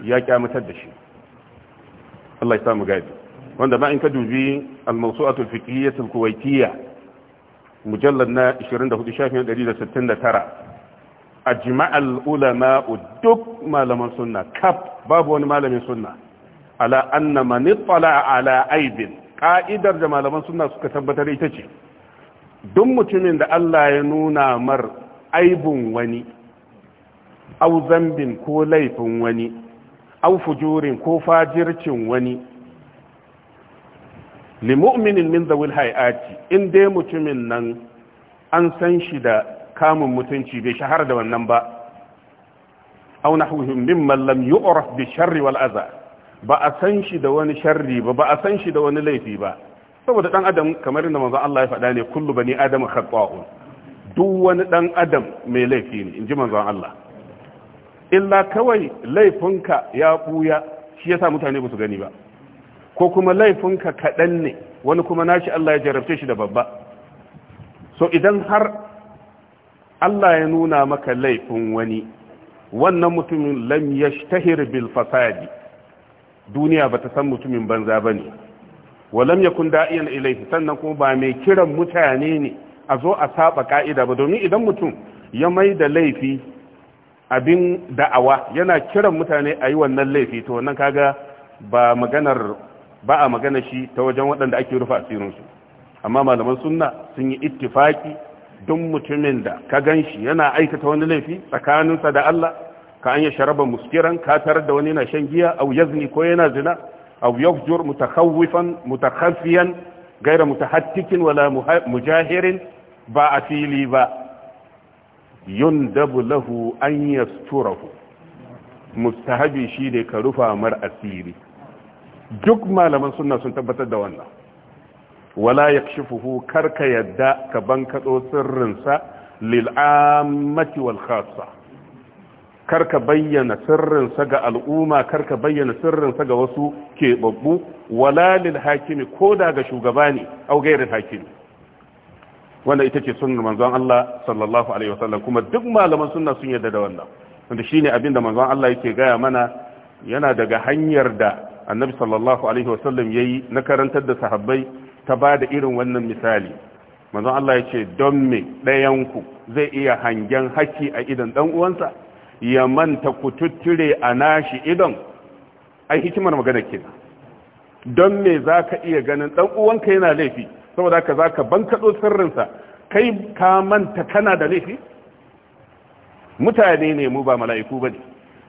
ya kyamatar da shi Allah ya samu gadi wanda ma in ka dubi al-mawsu'atu al-fiqhiyyah al-kuwaitiyyah mujallad na 24 shafin 169 ajma' al-ulama duk malaman sunna kaf babu wani malamin sunna ala anna man ittala ala aibin ka'idar da malaman sunna suka tabbatar ita ce duk mutumin da Allah ya nuna mar aibun wani au zambin ko laifin wani au fujurin ko fajircin wani limu'minin min zawil hayati in dai mutumin nan an san shi da kamun mutunci bai shahara da wannan ba au nahwihim mimman lam yu'raf bi sharri wal adha ba a san shi da wani sharri ba ba a san shi da wani laifi ba saboda dan adam kamar inda manzo Allah ya faɗa ne kullu bani adamu khata'un duk wani ɗan adam mai laifi ne in ji manzon Allah illa kawai laifinka ya ɓuya shi ya sa mutane ba su gani ba ko kuma laifinka kaɗan ne wani kuma nashi Allah ya jarabce shi da babba so idan har Allah ya nuna maka laifin wani wannan mutumin lam yashtahir bil fasadi duniya ba ta san mutumin banza ba ne, bane walam yakun da'iyan ilayhi sannan kuma ba mai kiran mutane ne a zo a saba ka'ida ba domin idan mutum ya mai da laifi abin da'awa yana kiran mutane a yi wannan laifi to wannan kaga ba maganar ba a magana shi ta wajen waɗanda ake rufe asirinsu amma malaman sunna sun yi ittifaki don mutumin da ka gan shi yana aikata wani laifi tsakaninsa da Allah ka an yi sharaba muskiran ka tarar da wani na shan giya au yazni ko yana zina au yafjur mutakhawifan mutakhafiyan gaira mutahattikin wala mujahirin ba a fili ba yun dabu lahu an yasturahu mustahabi shi ne ka rufa mar asiri duk malaman suna sun tabbatar da wannan wala yakshifuhu karka yadda ka bankaɗo sirrinsa lil wal khassa karka bayyana sirrinsa ga al'umma karka bayyana sirrinsa ga wasu keɓaɓɓu wala lil hakimi ko da ga shugaba ne au gairin hakimi wanda ita ce sunnar manzon Allah sallallahu alaihi wasallam kuma duk malaman sunna sun yarda da wannan wanda shine abin da manzon Allah yake gaya mana yana daga hanyar da annabi sallallahu alaihi wasallam yayi na karantar da sahabbai ta ba da irin wannan misali manzon Allah yace don me dayan ku zai iya hangen haki a idan dan uwansa ya manta kututture a nashi idan ai hikimar magana kenan don me zaka iya ganin dan uwanka yana laifi saboda ka zaka bankaɗo sirrinsa kai ka manta kana da laifi mutane ne mu ba mala'iku ba ne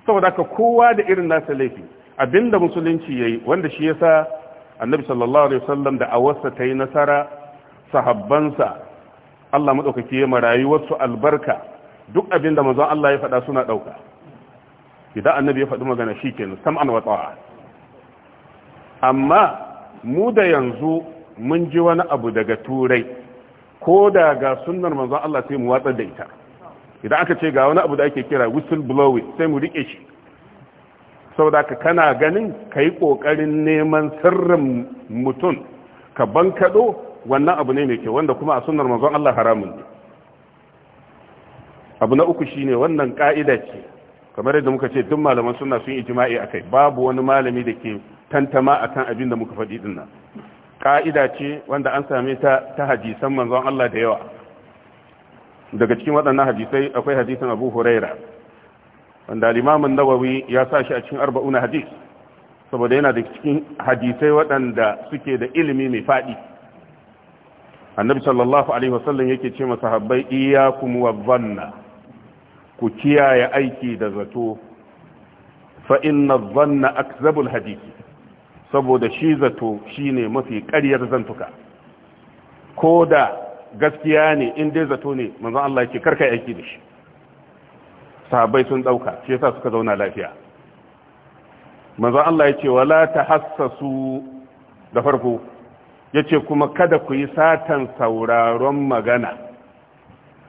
saboda ka kowa da irin nasa laifi abinda musulunci ya yi wanda shi yasa annabi sallallahu alaihi wasallam da awarsa ta yi nasara sahabbansa Allah maɗaukaki ya marayuwarsu albarka duk abinda manzon Allah ya faɗa suna ɗauka idan annabi ya faɗi magana shi kenan sam'an wa ta'a amma mu da yanzu mun ji wani abu daga turai ko da ga sunnar manzan Allah sai mu watsar da ita idan aka ce ga wani abu da ake kira whistle blowing sai mu rike shi saboda ka kana ganin ka yi kokarin neman sirrin mutum ka kado wannan abu ne mai kyau wanda kuma a sunnar manzan Allah haramun ne abu na uku shine wannan ka'ida ce kamar yadda muka ce duk malaman sunna sun a kai, babu wani malami da ke tantama akan abin da muka faɗi dinnan ka'ida ce wanda an same ta ta hadisan manzon Allah da yawa daga cikin waɗannan hadisai akwai hadisan Abu Huraira wanda limamin nawawi ya sa shi a cikin arba'una hadis saboda yana da cikin hadisai waɗanda suke da ilimi mai faɗi annabi sallallahu alaihi wasallam yake ce masahabbai iyyakum wa dhanna ku kiyaye aiki da zato fa inna dhanna akzabul hadisi saboda shi zato shine mafi ƙaryar zantuka ko da gaskiya ne in dai zato ne manzan Allah ke karka aiki da shi sahabai sun dauka shi yasa suka zauna lafiya manzan Allah ya ce, wala ta hassasu da farko ya ce kuma kada ku yi satan sauraron magana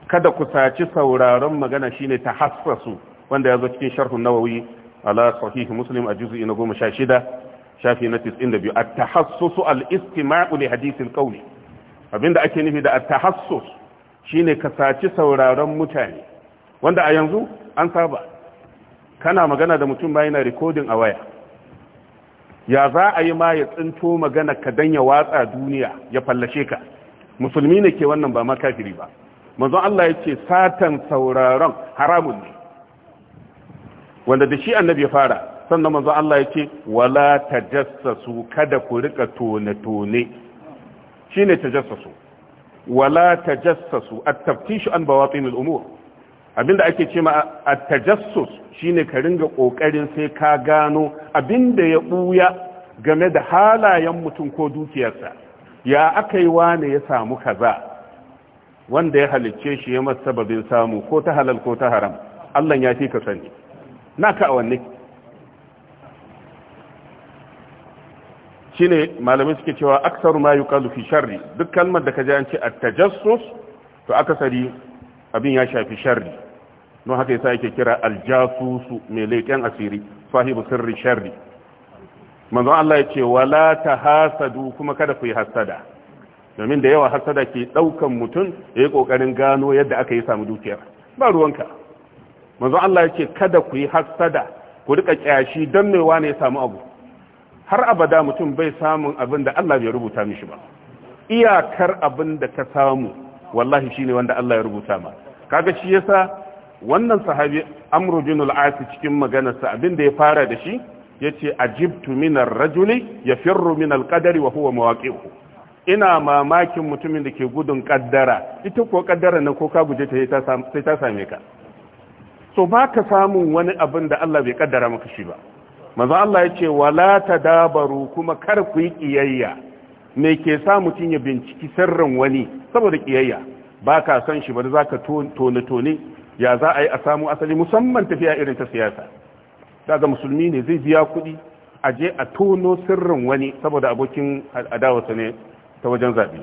kada ku saci sauraron magana shi ne ta hassasu wanda ya zo cikin sharhun nawawi ala sahih muslim a juzu'i na shida. shafi na 92 at-tahassus al-istima'u li hadith al-qawl abinda ake nufi da at-tahassus shine ka saci sauraron mutane wanda a yanzu an saba kana magana da mutum ba yana recording a waya ya za a yi ma ya tsinto magana ka dan ya watsa duniya ya fallashe ka musulmi ne ke wannan ba makafiri ba manzon Allah ya ce satan sauraron haramun ne wanda da shi annabi ya fara sannan manzo Allah ya ce wala tajassasu kada ku rika tone tone shine tajassasu wala tajassasu at-taftish an bawatin al-umur abinda ake ce ma at-tajassus shine ka ringa kokarin sai ka gano abinda ya buya game da halayen mutum ko dukiyarsa ya akai wane ya samu kaza wanda ya halicce shi ya masa sababin samu ko ta halal ko ta haram Allah ya fi ka sani na a awanni shine malamai suke cewa aksaru ma yuqalu fi sharri duk kalmar da ka an ce at-tajassus to akasari abin ya shafi sharri don haka yasa yake kira al-jasusu mai leken asiri sahibu sirri sharri manzo Allah ya ce wala tahasadu kuma kada ku yi hasada domin da yawa hasada ke daukan mutum yayi kokarin gano yadda aka yi samu dukiyar ba ruwanka manzo Allah ya ce kada ku yi hasada ku rika kyashi dan mai wane ya samu abu har abada mutum bai samun abin da Allah bai rubuta mishi ba iyakar abin da ka samu wallahi shine wanda Allah ya rubuta ma kaga shi yasa wannan sahabi amru bin al-as cikin maganarsa abin da ya fara da shi yace ajibtu min ar-rajuli yafirru min al-qadari wa huwa mawaqi'uhu ina mamakin mutumin da ke gudun kaddara ita ko kaddara ne ko ka guje ta sai ta same ka so ba ka samun wani abin da Allah bai kaddara maka shi ba maza Allah ya ce wala dabaru kuma kar ku yi kiyayya me ke sa mutum ya binciki sirrin wani saboda kiyayya ba ka san shi ba za ka tone tone ya za a yi a samu asali musamman tafiya irin ta siyasa daga musulmi ne zai biya kuɗi a je a tono sirrin wani saboda abokin adawarsa ne ta wajen zaɓe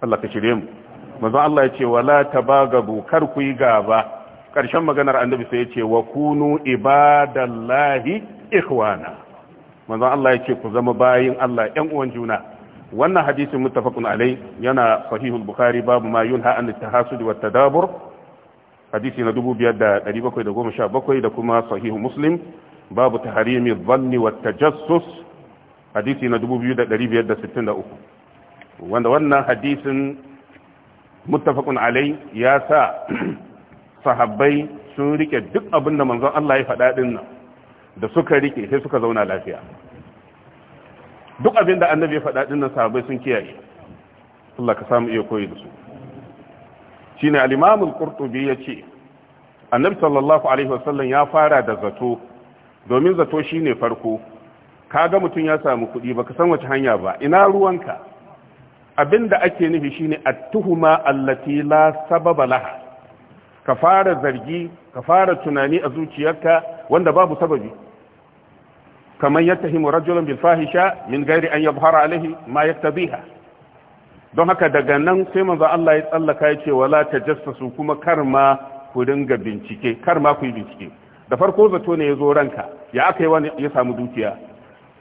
Allah ka shirye mu maza Allah ya ce wala tabagabu kar ku yi gaba ƙarshen maganar annabi sai ya ce wa kunu ibadallahi ikhwana manzon Allah ya ce ku zama bayin Allah ƴan uwan juna wannan hadisin muttafaqun alai yana sahihul bukhari babu ma yunha an tahasud wa tadabur hadisi na 2717 da kuma sahihu muslim babu taharimi dhanni wa tajassus hadisi na 2563 wanda wannan hadisin muttafaqun alai ya sa sahabbai sun rike duk abin da manzon Allah ya faɗa din nan da suka rike sai suka zauna lafiya duk abin da annabi ya faɗa din nan sahabbai sun kiyaye Allah ka samu iya koyi da su shine al-Imam al-Qurtubi yace annabi sallallahu alaihi wasallam ya fara da zato domin zato shine farko kaga mutum ya samu kuɗi baka san wace hanya ba ina ruwanka abinda ake nufi shine at-tuhuma allati la sababa laha ka fara zargi ka fara tunani a zuciyarka wanda babu sababi kamar yattahimu rajulun bil fahisha min gairi an yabhara alaihi ma yaktabiha don haka daga nan sai manzo Allah ya tsallaka ya ce wala tajassasu kuma karma ku dinga bincike karma ku yi bincike da farko zato ne ya zo ranka ya aka yi wani ya samu dukiya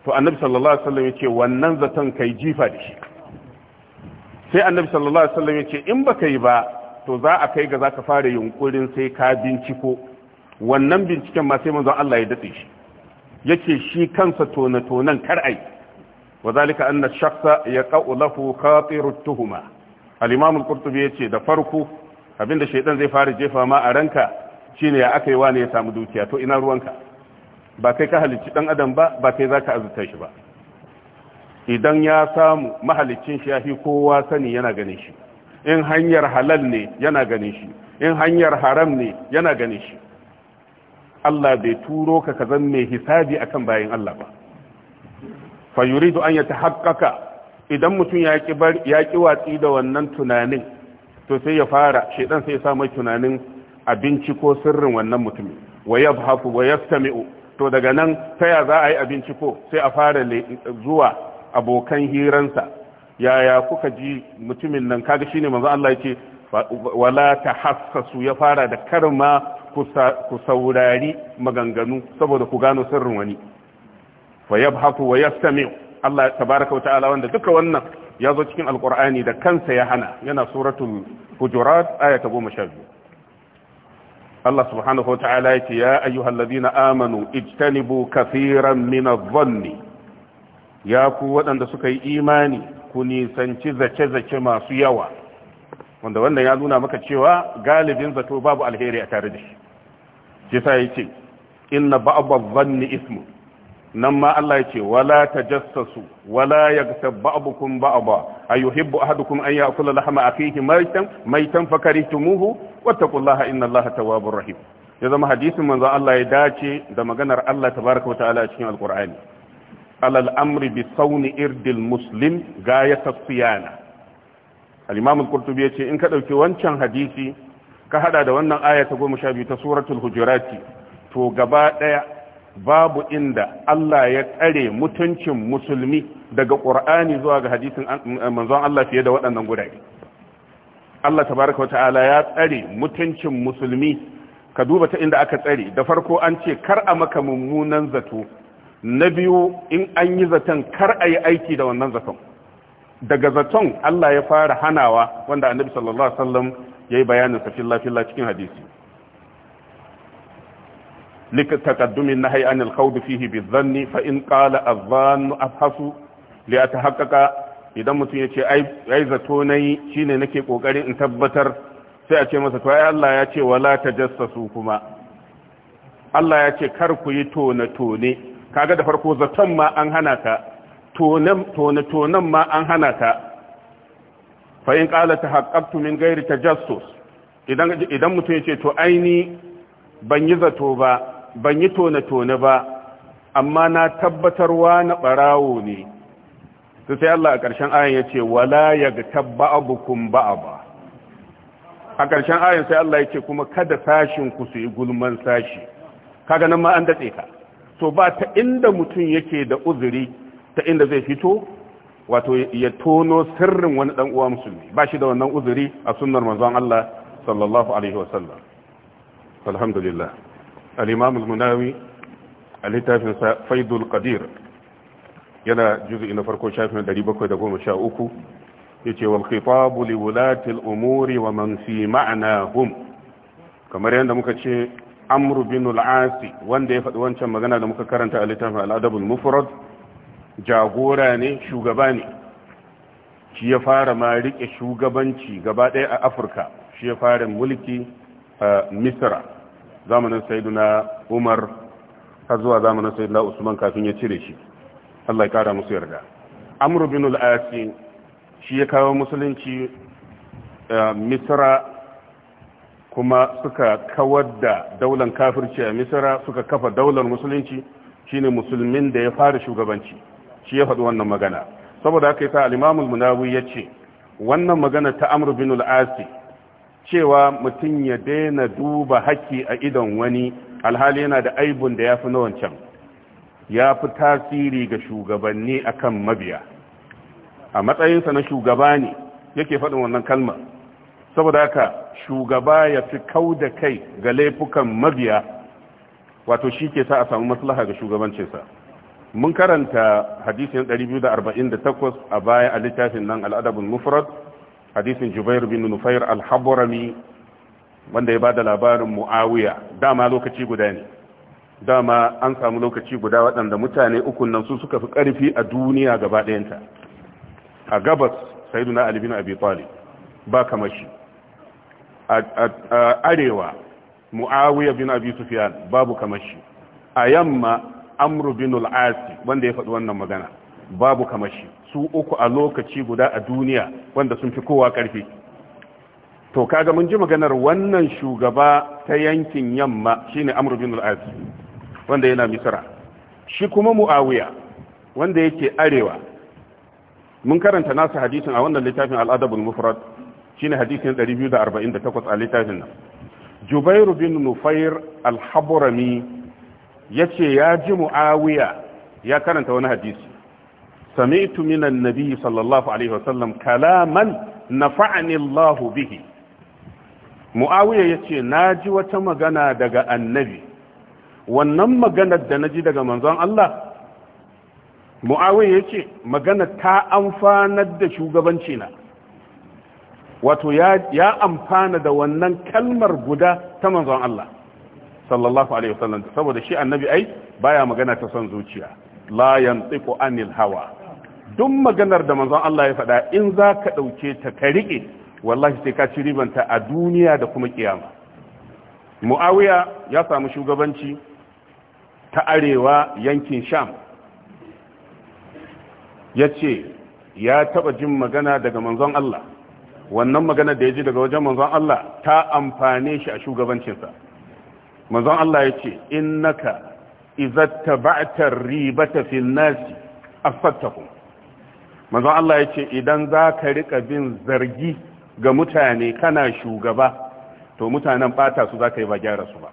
to annabi sallallahu alaihi wasallam ya ce wannan zaton kai jifa da shi sai annabi sallallahu alaihi wasallam ya ce in baka yi ba to za a kai ga za ka fara yunkurin sai ka binciko wannan binciken ma sai manzon Allah ya datse shi yake shi kansa tona-tonan kar'ai wa zalika anna shakhsa yaqa'u lahu khatirut tuhuma al-imam al-qurtubi yace da farko abinda shaytan zai fara jefa ma a ranka shine ya akai wani ya samu dukiya to ina ruwanka ba kai ka halicci dan adam ba ba kai zaka azuta shi ba idan ya samu mahalicin shi fi kowa sani yana ganin shi in hanyar halal ne yana ganin shi in hanyar haram ne yana ganin shi Allah bai turo ka ka zan mai hisabi akan bayan Allah ba fa yuridu an yatahaqqaqa idan mutum ya ki watsi da wannan tunanin to sai ya fara shedan sai ya sa mai tunanin abinci ko sirrin wannan mutumin wa yabhafu wa yastami'u to daga nan ta ya za a yi abinci ko sai a fara zuwa abokan hiransa yaya kuka ji mutumin nan kaga shine manzo Allah yake wala tahassasu ya fara da karma ku saurari maganganu saboda ku gano sirrin wani fa yabhatu wa yastami Allah tabaaraka wa ta'ala wanda duka wannan ya zo cikin alqur'ani da kansa ya hana yana suratul hujurat aya ta 12 Allah subhanahu wa ta'ala yake ya ayyuhallazina amanu ijtanibu kaseeran min adh-dhanni ya ku waɗanda suka yi imani ku nisanci zace-zace masu yawa wanda wannan ya nuna maka cewa galibin zato babu alheri a tare da shi shi sa ya ce inna ba'abba zanni ismu nan ma Allah ya ce wala tajassasu wala yaghtab hibbu a haɗu kuma an ya'kula lahma akhihi wata kullaha inna Allah ta tawwabur rahim ya zama hadisin manzo Allah ya dace da maganar Allah baraka wa ta'ala cikin alkur'ani alal amri bi sauni irdil muslim gayata siyana al-imam al-qurtubi yace in ka dauki wancan hadisi ka hada da wannan aya ta 12 ta suratul hujurati to gaba daya babu inda Allah ya tsare mutuncin musulmi daga qur'ani zuwa ga hadisin manzon Allah fiye da waɗannan gudaje Allah tabaraka wata'ala ya tsare mutuncin musulmi ka duba ta inda aka tsare da farko an ce kar a maka mummunan zato na biyu in an yi zaton kar a yi aiki da wannan zaton daga zaton Allah ya fara hanawa wanda annabi sallallahu alaihi wasallam ya yi bayanin sa filla filla cikin hadisi lika taqaddumin na an al-khawd fihi bi fa'in fa in qala a hasu. li atahaqqaqa idan mutum yace ai ai zato nayi shine nake kokarin in tabbatar sai a ce masa to Allah ya ce wala tajassasu kuma Allah ya ce kar ku yi tone tone kaga da farko zaton ma an hana ka tonan ma an hana ka fa'in ta haƙaƙtu min gairi ta justus idan mutum ya ce to aini ban yi zato ba ban yi tone-tone ba amma na tabbatarwa na ɓarawo ne su sai Allah a ƙarshen ayin ya ce wala ya ga tabba abukun ba a ƙarshen ayin sai Allah ya ce kuma kada sashin ku su yi gulman sashi kaga nan ma an datse ka to ba ta inda mutum yake da uzuri ta inda zai fito wato ya tono sirrin wani dan uwa musulmi ba shi da wannan uzuri a sunnar manzon Allah sallallahu alaihi wasallam alhamdulillah al-imam al-munawi a littafin sa faidul qadir yana juz'i na farko shafin 713 yace wal yace li wulati al-umuri wa man fi ma'nahum kamar yadda muka ce amru bin al-asi wanda ya faɗi wancan magana da muka karanta a littafin al-adabul mufrad jagora ne shugaba ne shi ya fara ma rike shugabanci gaba ɗaya a afirka shi ya fara mulki a misra zamanin sayyiduna umar har zuwa zamanin sayyiduna usman kafin ya cire shi Allah ya kara musu yarda amru bin al-asi shi ya kawo musulunci misra kuma suka kawar da daular kafirci a misira suka kafa daular musulunci shine musulmin da ya fara shugabanci shi ya faɗi wannan magana saboda haka yi al alimamul munawi ce wannan magana ta amr bin al'asi cewa mutum ya daina duba haƙƙi a idon wani alhali yana da aibun da ya fi na wancan ya fi tasiri ga shugabanni akan mabiya a matsayinsa na shugaba ne yake faɗin wannan kalmar saboda haka shugaba ya fi kau da kai ga laifukan mabiya wato shi ke sa a samu maslaha ga shugabancinsa mun karanta hadisin 248 a baya a littafin nan al'adabin mufrad hadisin jubairu bin nufair al-haburami wanda ya bada labarin muawiya dama lokaci guda ne dama an samu lokaci guda waɗanda mutane uku nan su suka fi ƙarfi a duniya gaba ɗayanta a gabas sai duna alibin abi talib ba kamar shi arewa mu'awiyar bin abi sufiyan babu kamar shi a yamma amru bin al'asi wanda ya faɗi wannan magana babu kamar shi su uku a lokaci guda a duniya wanda sun fi kowa ƙarfi to kaga mun ji maganar wannan shugaba ta yankin yamma shine amru bin al'asi wanda yana misra shi kuma mu'awiya wanda yake arewa mun karanta nasu hadisin a wannan littafin al'adabul mufrad shine hadisin 248 a littafin nan jubairu bin nufair al-haburami yace ya ji muawiya ya karanta wani hadisi sami'tu minan nabi sallallahu alaihi wasallam kalaman nafa'ani Allah bihi muawiya na ji wata magana daga annabi wannan maganar da naji daga manzon Allah mu'awiyya ya ce magana ta amfanar da shugabanci na wato ya amfana da wannan kalmar guda ta manzon Allah sallallahu alaihi wasallam saboda shi annabi ai baya magana ta son zuciya la yantiqu anil hawa duk maganar da manzon Allah ya faɗa in za ka ɗauke ta ka rike wallahi sai ka ci ribanta a duniya da kuma kiyama muawiya ya samu shugabanci ta arewa yankin sham ya ce ya taɓa jin magana daga manzon Allah wannan magana da ya ji daga wajen manzon Allah ta amfane shi a shugabancinsa manzon Allah ya ce innaka izatta riba ribata fil nasi afattakum manzon Allah ya ce idan za ka rika bin zargi ga mutane kana shugaba to mutanen bata su za ka yi ba gyara su ba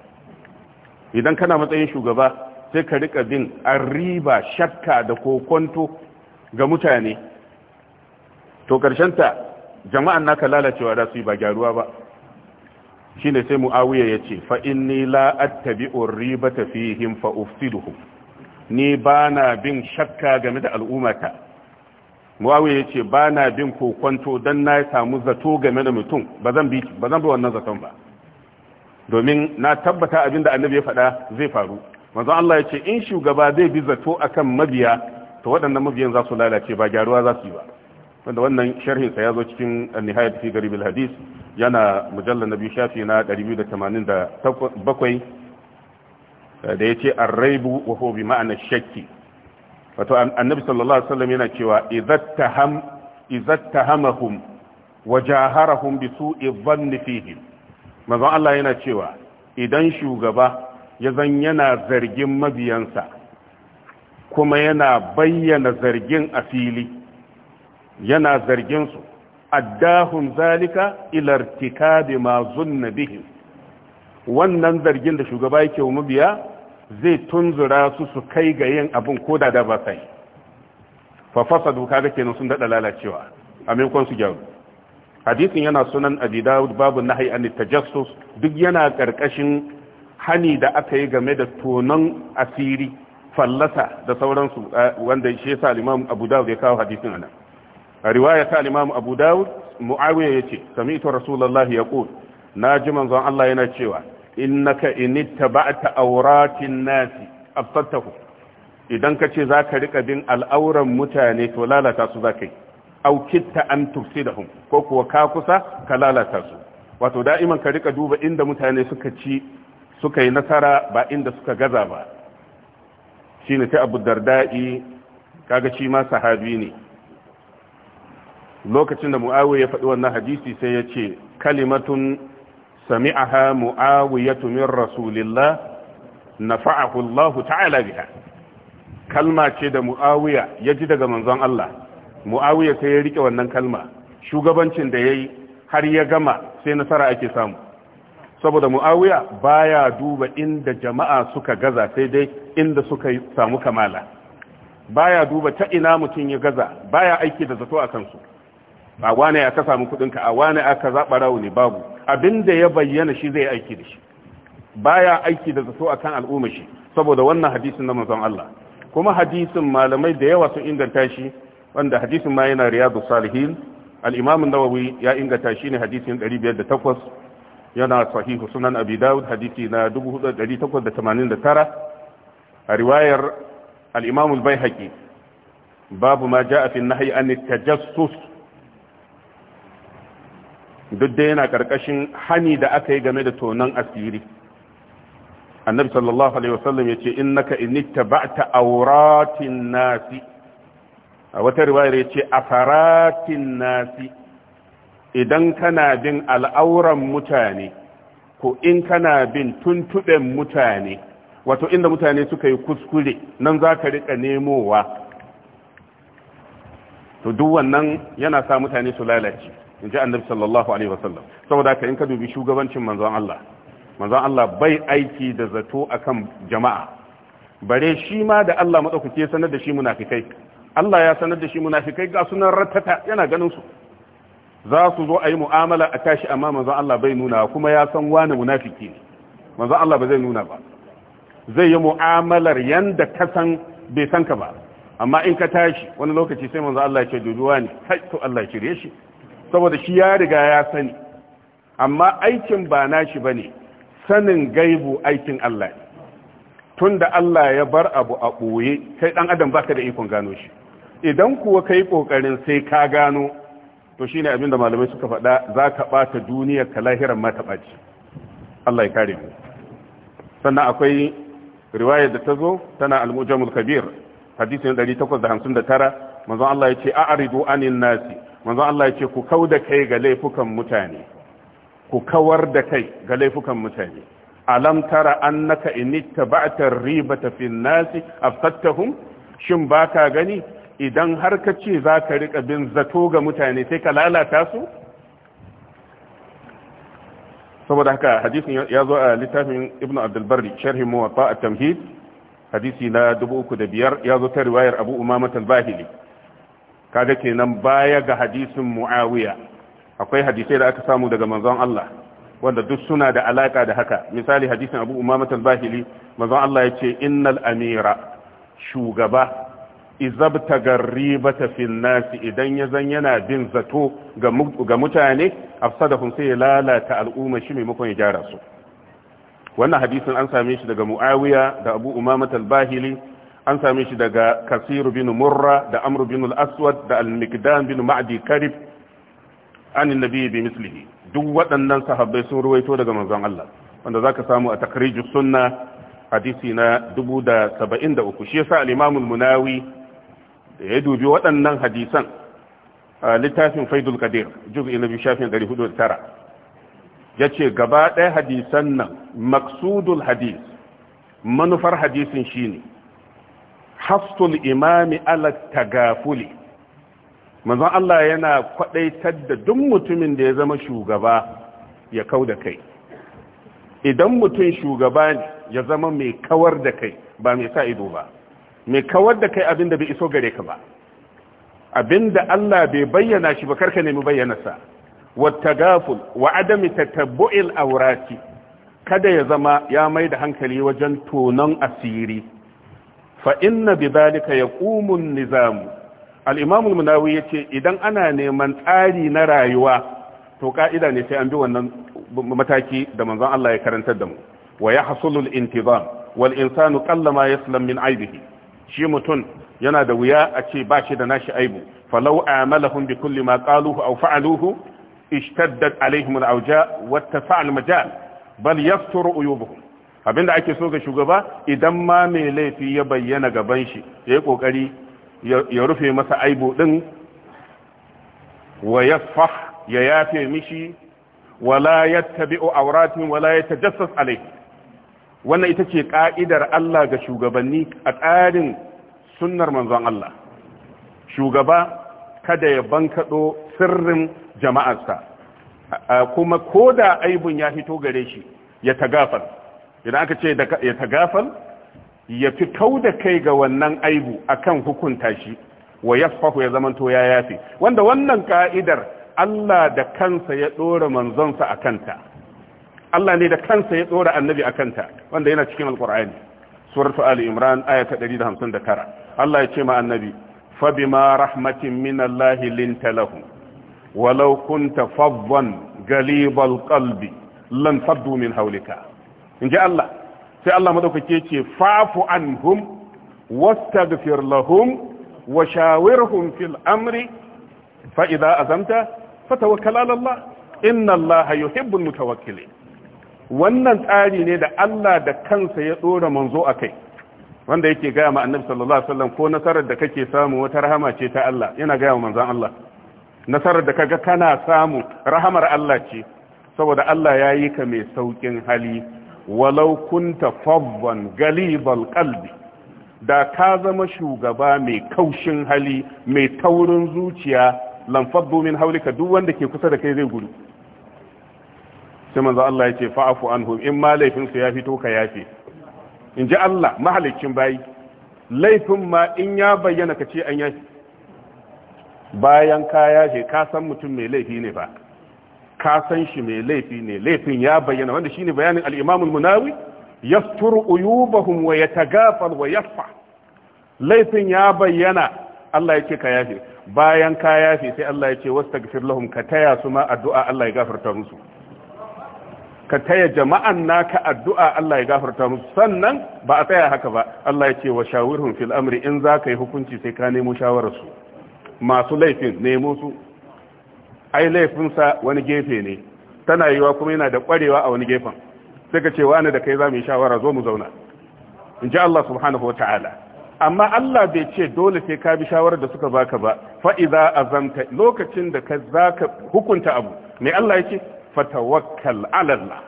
idan kana matsayin shugaba sai ka rika bin arriba shakka da kokonto ga mutane to ta jama'an naka lalacewa da su ba gyaruwa ba shi ne sai mu'awiya ya ce fa'in ni la'attabi'un riba tafihim fa'uftiduhu ni ba na bin shakka game da al'ummata mu'awiya ya ce ba na bin kokonto don na samu zato game da mutum ba zan bi wannan zaton ba domin na tabbata abin da annabi ya faɗa zai faru manzon Allah ya ce in shugaba zai bi zato akan mabiya to waɗannan mabiyan za su lalace ba gyaruwa za su yi ba wanda wannan sharhin sa ya zo cikin nihayat fi garib hadis yana mujallal nabi shafi na 287 da yace ar-raibu wa huwa bi ma'ana shakki wato annabi sallallahu alaihi wasallam yana cewa izattaham izattahamahum wajaharahum bi su'i dhanni fihim manzon Allah yana cewa idan shugaba ya zan yana zargin mabiyansa kuma yana bayyana zargin a fili yana zargin su addahum zalika ila da ma zunna bihin wannan zargin da shugaba yake wa mabiya zai tunzura su su kai ga yin abin koda da ba sai fa fasadu kaga kenan sun daɗa lalacewa a maimakon su gyaru hadisin yana sunan abi dawud babu nahyi an tajassus duk yana karkashin hani da aka yi game da tonon asiri fallasa da sauransu wanda shi sa imam abu dawud ya kawo hadisin nan. a riwaya ta al-imam abu dawud muawiya yace sami'tu rasulullahi yaqul naji manzon Allah yana cewa innaka inittaba'ta awratin nasi afsatahu idan kace zaka rika bin al'auran mutane to lalata su zakai au kitta an tufsidahum ko kuwa ka kusa ka lalata su wato da'iman ka rika duba inda mutane suka ci suka yi nasara ba inda suka gaza ba shine ta abu darda'i kaga shi ma sahabi ne lokacin da muawiya ya faɗi wannan hadisi sai ya ce kalimatun sami'aha muawiyatu min rasulillah nafa'ahu Allah ta'ala biha kalma ce da muawiya ya ji daga manzon Allah muawiya sai ya rike wannan kalma shugabancin da yayi har ya gama sai nasara ake samu saboda muawiya baya duba inda jama'a suka gaza sai dai inda suka samu kamala baya duba ta ina mutum ya gaza baya aiki da zato a kansu ba wane ya ka samu kudinka a wane aka zaɓa rawu ne babu abinda ya bayyana shi zai aiki da shi baya aiki da zato akan al'umma shi saboda wannan hadisin na manzon Allah kuma hadisin malamai da yawa sun inganta shi wanda hadisin ma yana riyadu salihin al-imam an-nawawi ya inganta shi ne hadisin 508 yana sahihu sunan abi daud hadisi na 4889 a riwayar al-imam al-baihaqi babu ma jaa fi an-nahyi an tajassus duk da yana karkashin hani da aka yi game da tonon asiri annabi sallallahu alaihi wasallam yace innaka inittaba'ta awratin nasi a wata riwayar yace afaratin nasi idan kana bin al'auran mutane ko in kana bin tuntuben mutane wato inda mutane suka yi kuskure nan zaka rika nemowa to duk wannan yana sa mutane su lalace in ji annabi sallallahu alaihi wasallam saboda haka in ka dubi shugabancin manzon Allah manzon Allah bai aiki da zato akan jama'a bare shi ma da Allah madaukake ya sanar da shi munafikai Allah ya sanar da shi munafikai ga sunan ratata yana ganin su za su zo a yi mu'amala a tashi amma manzon Allah bai nuna kuma ya san wani munafiki ne manzon Allah ba zai nuna ba zai yi mu'amalar yanda ka san bai san ka ba amma in ka tashi wani lokaci sai manzon Allah ya ce duduwa wani kai to Allah ya shirye shi saboda shi ya riga ya sani amma aikin ba nashi bane sanin gaibu aikin Allah ne tunda Allah ya bar abu a boye kai ɗan adam baka da ikon gano shi idan kuwa kai kokarin sai ka gano to shine abin da malamai suka faɗa za ka ɓata duniya ka lahirar ta ɓaci Allah ya kare mu sannan akwai riwayar da tazo tana al-mujamul kabir hadisi 859 manzon Allah ya ce a'ridu anin nasi manzo Allah yake ku kau da kai ga laifukan mutane ku kawar da kai ga laifukan mutane alam tara annaka inittaba'ta ribata fin nasi afsattahum shin baka gani idan har ka ce zaka rika bin zato ga mutane sai ka lalata su saboda haka hadisin ya zo a littafin ibnu abdulbari sharhi muwatta at-tamhid hadisi na biyar ya zo ta riwayar abu umama al-bahili kaga kenan baya ga hadisin muawiya akwai hadisai da aka samu daga manzon Allah wanda duk suna da alaka da haka misali hadisin Abu Umama al-Bahili manzon Allah yace innal amira shugaba izabta ribata fil nas idan ya zan yana bin zato ga mutane afsadahum sai ya lalata al'umma shi maimakon ya gyara su wannan hadisin an same shi daga Muawiya da Abu Umama al-Bahili an same shi daga kasiru bin murra da amru bin al-aswad da al mikdan bin ma'di karib an annabi bi mislihi duk waɗannan sahabbai sun ruwaito daga manzon Allah wanda zaka samu a takrijus sunna hadisi na 1073 shi yasa al-imam al-munawi da ya dubi waɗannan hadisan littafin faidul qadir juz'i na 409 yace gaba ɗaya hadisan nan maqsudul hadis manufar hadisin shine hastul imami ala tagafuli manzon Allah yana kwadaitar da duk mutumin da ya zama shugaba ya kau da kai idan mutum shugaba ne ya zama mai kawar da kai ba mai sa ido ba mai kawar da kai abinda bai iso gare ka ba abinda Allah bai bayyana shi ba karka nemi bayyanarsa wattagaful wa adami tatabbu'il awrati kada ya zama ya mai da hankali wajen tonon asiri fa inna bidhalika yaqumu an-nizam al-imam al-munawi yace idan ana neman tsari na rayuwa to ka'ida ne sai an bi wannan mataki da manzon Allah ya karantar da mu wa yahsulu al-intizam wal insanu qallama yaslam min aibihi shi mutum yana da wuya a ce ba shi da nashi aibu falau amalahum bi kulli ma qaluhu aw fa'aluhu ishtaddat alaihim al-awja wa majal bal yasturu uyubuhum abinda ake so ga shugaba idan ma mai laifi ya bayyana gaban shi ya yi kokari ya rufe masa aibu din wa yasfah ya yafe mishi wala yattabi'u awratin wala yatajassas alayhi wannan ita ce ka'idar Allah ga shugabanni a tsarin sunnar manzon Allah shugaba kada ya bankaɗo sirrin jama'arsa kuma ko da aibun ya fito gare shi ya tagafar idan aka ce ya tagafal ya fi kau da kai ga wannan aibu akan hukunta shi wa yasfahu ya zamanto ya yafi wanda wannan ka'idar Allah da kansa ya dora manzonsa a kanta Allah ne da kansa ya dora annabi a kanta wanda yana cikin alkur'ani suratu ali imran aya ta 159 Allah ya ce ma annabi fa bima rahmatin min Allah linta lahu walau kunta faddan galibal qalbi lan faddu min hawlika in ji Allah sai Allah madaukake ce fafu anhum wastaghfir lahum wa shawirhum fil amri fa idza azamta fatawakkal ala Allah inna Allah yuhibbul mutawakkilin wannan tsari ne da Allah da kansa ya dora manzo akai wanda yake gaya ma annabi sallallahu alaihi wasallam ko nasarar da kake samu wata rahama ce ta Allah yana gaya ma manzon Allah nasarar da kaga kana samu rahamar Allah ce saboda Allah ya yi ka mai saukin hali walau kunta fabban galibal kalbi da ka zama shugaba mai kaushin hali mai taurin zuciya lamfar domin haulika duk wanda ke kusa da kai zai gudu sai manzo Allah ya ce fa'afu anhum in ma laifinsu ya fito ka yafe in ji Allah mahalicin bayi laifin ma in ya bayyana ka ce an yafe bayan ka yafe ka san mutum mai laifi ne ba ka san shi mai laifi ne laifin ya bayyana wanda shine bayanin al-Imam al-Munawi yasturu uyubahum wa yatagafal wa yafa laifin ya bayyana Allah yake ka yafe bayan ka yafe sai Allah yake wastagfir lahum ka taya su ma addu'a Allah ya gafarta musu ka taya jama'an naka addu'a Allah ya gafarta musu sannan ba a tsaya haka ba Allah ya wa shawirhum fil amri in za ka yi hukunci sai ka nemo shawararsu masu laifin nemo su ai laifinsa wani gefe ne tana yiwa kuma yana da kwarewa a wani gefen sai ka ce wani da kai za mu yi shawara zo mu zauna in ji Allah subhanahu wata'ala amma Allah bai ce dole sai ka bi shawarar da suka baka ba fa'iza azamta lokacin da ka zaka hukunta abu me Allah yake fatawakkal ala Allah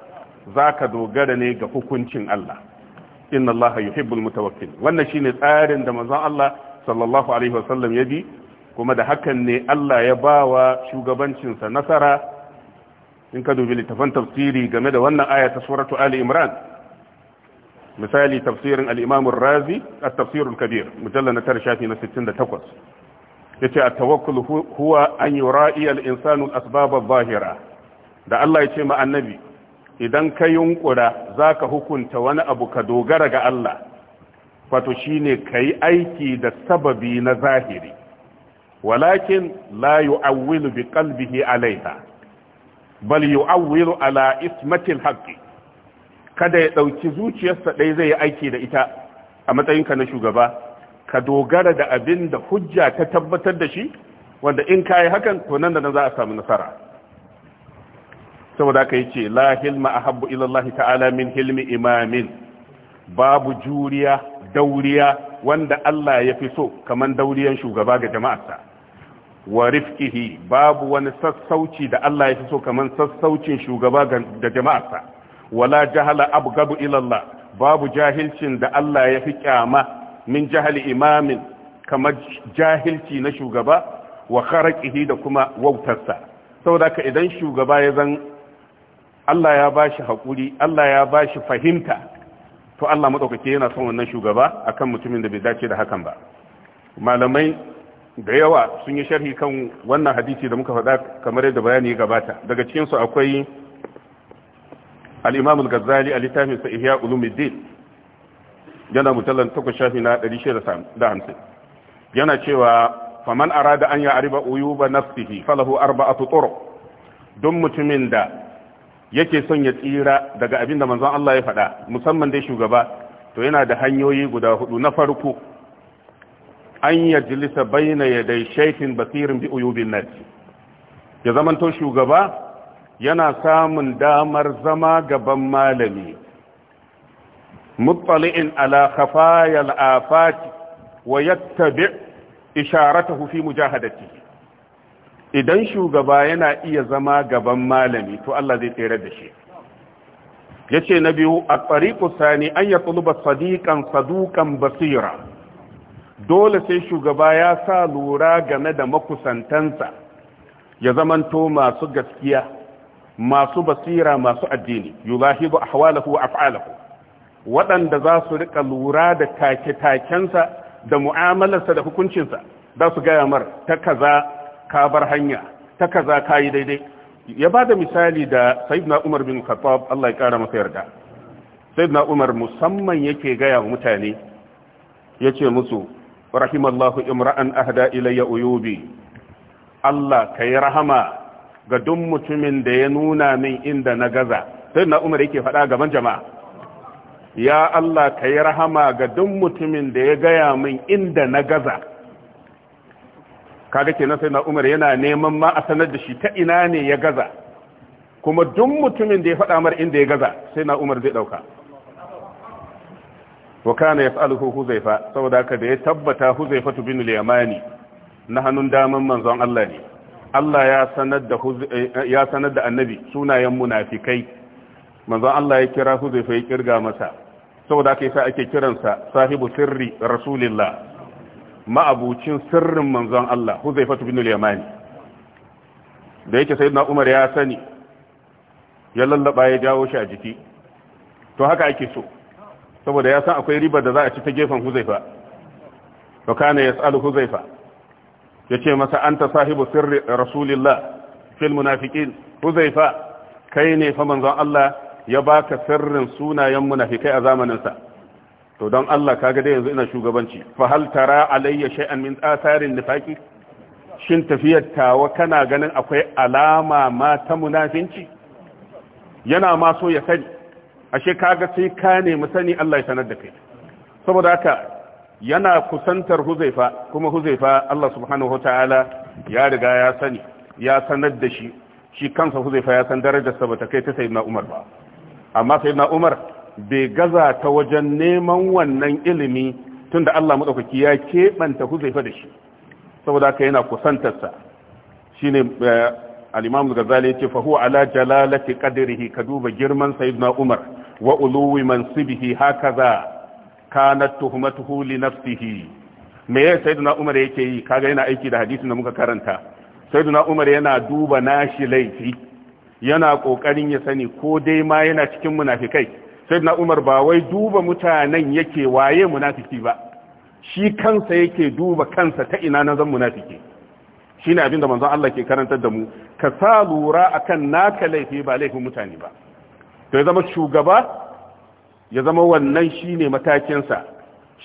zaka dogara ne ga hukuncin Allah inna Allah yuhibbul mutawakkil wannan shine tsarin da manzon Allah sallallahu alaihi wasallam ya bi kuma da hakan ne Allah ya ba wa shugabancinsa nasara in ka dubi littafan tafsiri game da wannan aya ta suratu Ali Imran misali tafsirin al-Imam razi at-tafsir al-kabir mujallal na tara shafi na 68 yace at-tawakkul huwa an yura'i al-insanu al-asbab adh-dhahira da Allah ya ce ma annabi idan ka yunkura zaka hukunta wani abu ka dogara ga Allah wato shine kai aiki da sababi na zahiri walakin la yu'awwilu bi qalbihi alaiha bal yu'awwilu ala ismatil haqqi kada ya ɗauki zuciyarsa ɗaya zai aiki da ita a matsayinka na shugaba ka dogara da abin da hujja ta tabbatar da shi wanda in kayi hakan to nan da nan za a samu nasara saboda ka yi ce la hilma ahabbu habbu ilallahi ta'ala min hilmi imamin babu juriya dauriya wanda Allah ya fi so kaman dauriyan shugaba ga jama'arsa wa rifkihi babu wani sassauci da Allah ya fi so kaman sassaucin shugaba da jama'arsa wala jahala abu ila Allah babu jahilcin da Allah ya fi kyama min jahali imamin kamar jahilci na shugaba wa kharaqihi da kuma wautarsa saboda ka idan shugaba ya zan Allah ya bashi hakuri Allah ya bashi fahimta to Allah madaukake yana son wannan shugaba akan mutumin da bai dace da hakan ba malamai da yawa sun yi sharhi kan wannan hadisi da muka faɗa kamar yadda bayani gabata daga cikinsu akwai al-imam al-ghazali a littafin sa ihya ulumuddin yana mutallan takwas shafi na 650 yana cewa faman arada an ya ariba uyuba nafsihi falahu arba'atu turuq don mutumin da yake son ya tsira daga abinda manzon Allah ya faɗa musamman dai shugaba to yana da hanyoyi guda hudu na farko an yajlisa bayna yaday shaytin basirin bi uyubin nas ya zamanto shugaba yana samun damar zama gaban malami muttali'in ala khafayal afati wa yattabi isharatahu fi mujahadatihi idan shugaba yana iya zama gaban malami to Allah zai tsere da shi yace na biyu a tsariƙu an ya tsuluba sadiƙan saduƙan basira dole sai shugaba ya sa lura game da makusantansa ya zamanto masu gaskiya masu basira masu addini yulahibu ahwalahu wa af'alahu waɗanda za su rika lura da take-takensa da mu'amalarsa da hukuncinsa za su gaya mar ta kaza ka bar hanya ta kaza ka yi daidai ya ba da misali da sayyidina umar bin khattab Allah ya kara masa yarda sayyidina umar musamman yake gaya wa mutane yace musu rahimallahu imra'an ahda ilayya uyubi Allah kai rahama ga duk mutumin da ya nuna min inda na gaza sai na umar yake faɗa gaban jama'a ya Allah ka yi rahama ga duk mutumin ya gaya min inda na gaza kaga kenan sai na umar yana neman ma da shi ta ina ne ya gaza kuma duk mutumin da ya faɗa mar inda ya gaza sai na umar zai ɗauka wa kana yas'aluhu huzaifa saboda haka da ya tabbata huzaifa bin al-yamani na hannun daman manzon Allah ne Allah ya sanar da eh, ya sanar da annabi sunayen munafikai manzon Allah ya kira huzaifa ya kirga masa saboda haka yasa ake kiransa sahibu sirri rasulillah ma'abucin sirrin manzon Allah huzaifa bin al-yamani da yake sayyidina Umar ya sani ya lallaba ya jawo shi a jiki to haka ake so saboda ya san akwai ribar da za a ci ta gefen huzaifa to kana yas'alu huzaifa yace masa anta sahibu sirri rasulillah fil munafiqin huzaifa kai ne fa manzon Allah ya baka sirrin sunayen munafikai a zamanin sa to don Allah kaga dai yanzu ina shugabanci fa hal tara alayya shay'an min atharin nifaqi shin tafiyar tawa kana ganin akwai alama ma ta munafinci yana ma so ya sani ashe kaga sai ka nemi sani Allah ya sanar da kai saboda haka yana kusantar huzaifa kuma huzaifa Allah subhanahu wataala ya riga ya sani ya sanar da shi shi kansa huzaifa ya san darajarsa ba ta kai ta sayyidina Umar ba amma sayyidina Umar bai gaza ta wajen neman wannan ilimi tunda Allah madaukaki ya keɓanta huzaifa da shi saboda haka yana kusantarsa shine eh, al-imam al-ghazali yace fa huwa ala jalalati qadrihi ka duba girman sayyidina umar wa uluwi mansibihi hakaza kanat tuhmatuhu li nafsihi me ya sayyidina umar yake yi kaga yana aiki da hadisin da muka karanta sayyidina umar yana duba nashi laifi yana kokarin ya sani ko dai ma yana cikin munafikai sayyidina umar ba wai duba mutanen yake waye munafiki ba shi kansa yake duba kansa ta ina na zan munafiki shine abinda manzon Allah ke karantar da mu ka sa lura a kan naka laifi ba laifin mutane ba to ya zama shugaba ya zama wannan ne matakinsa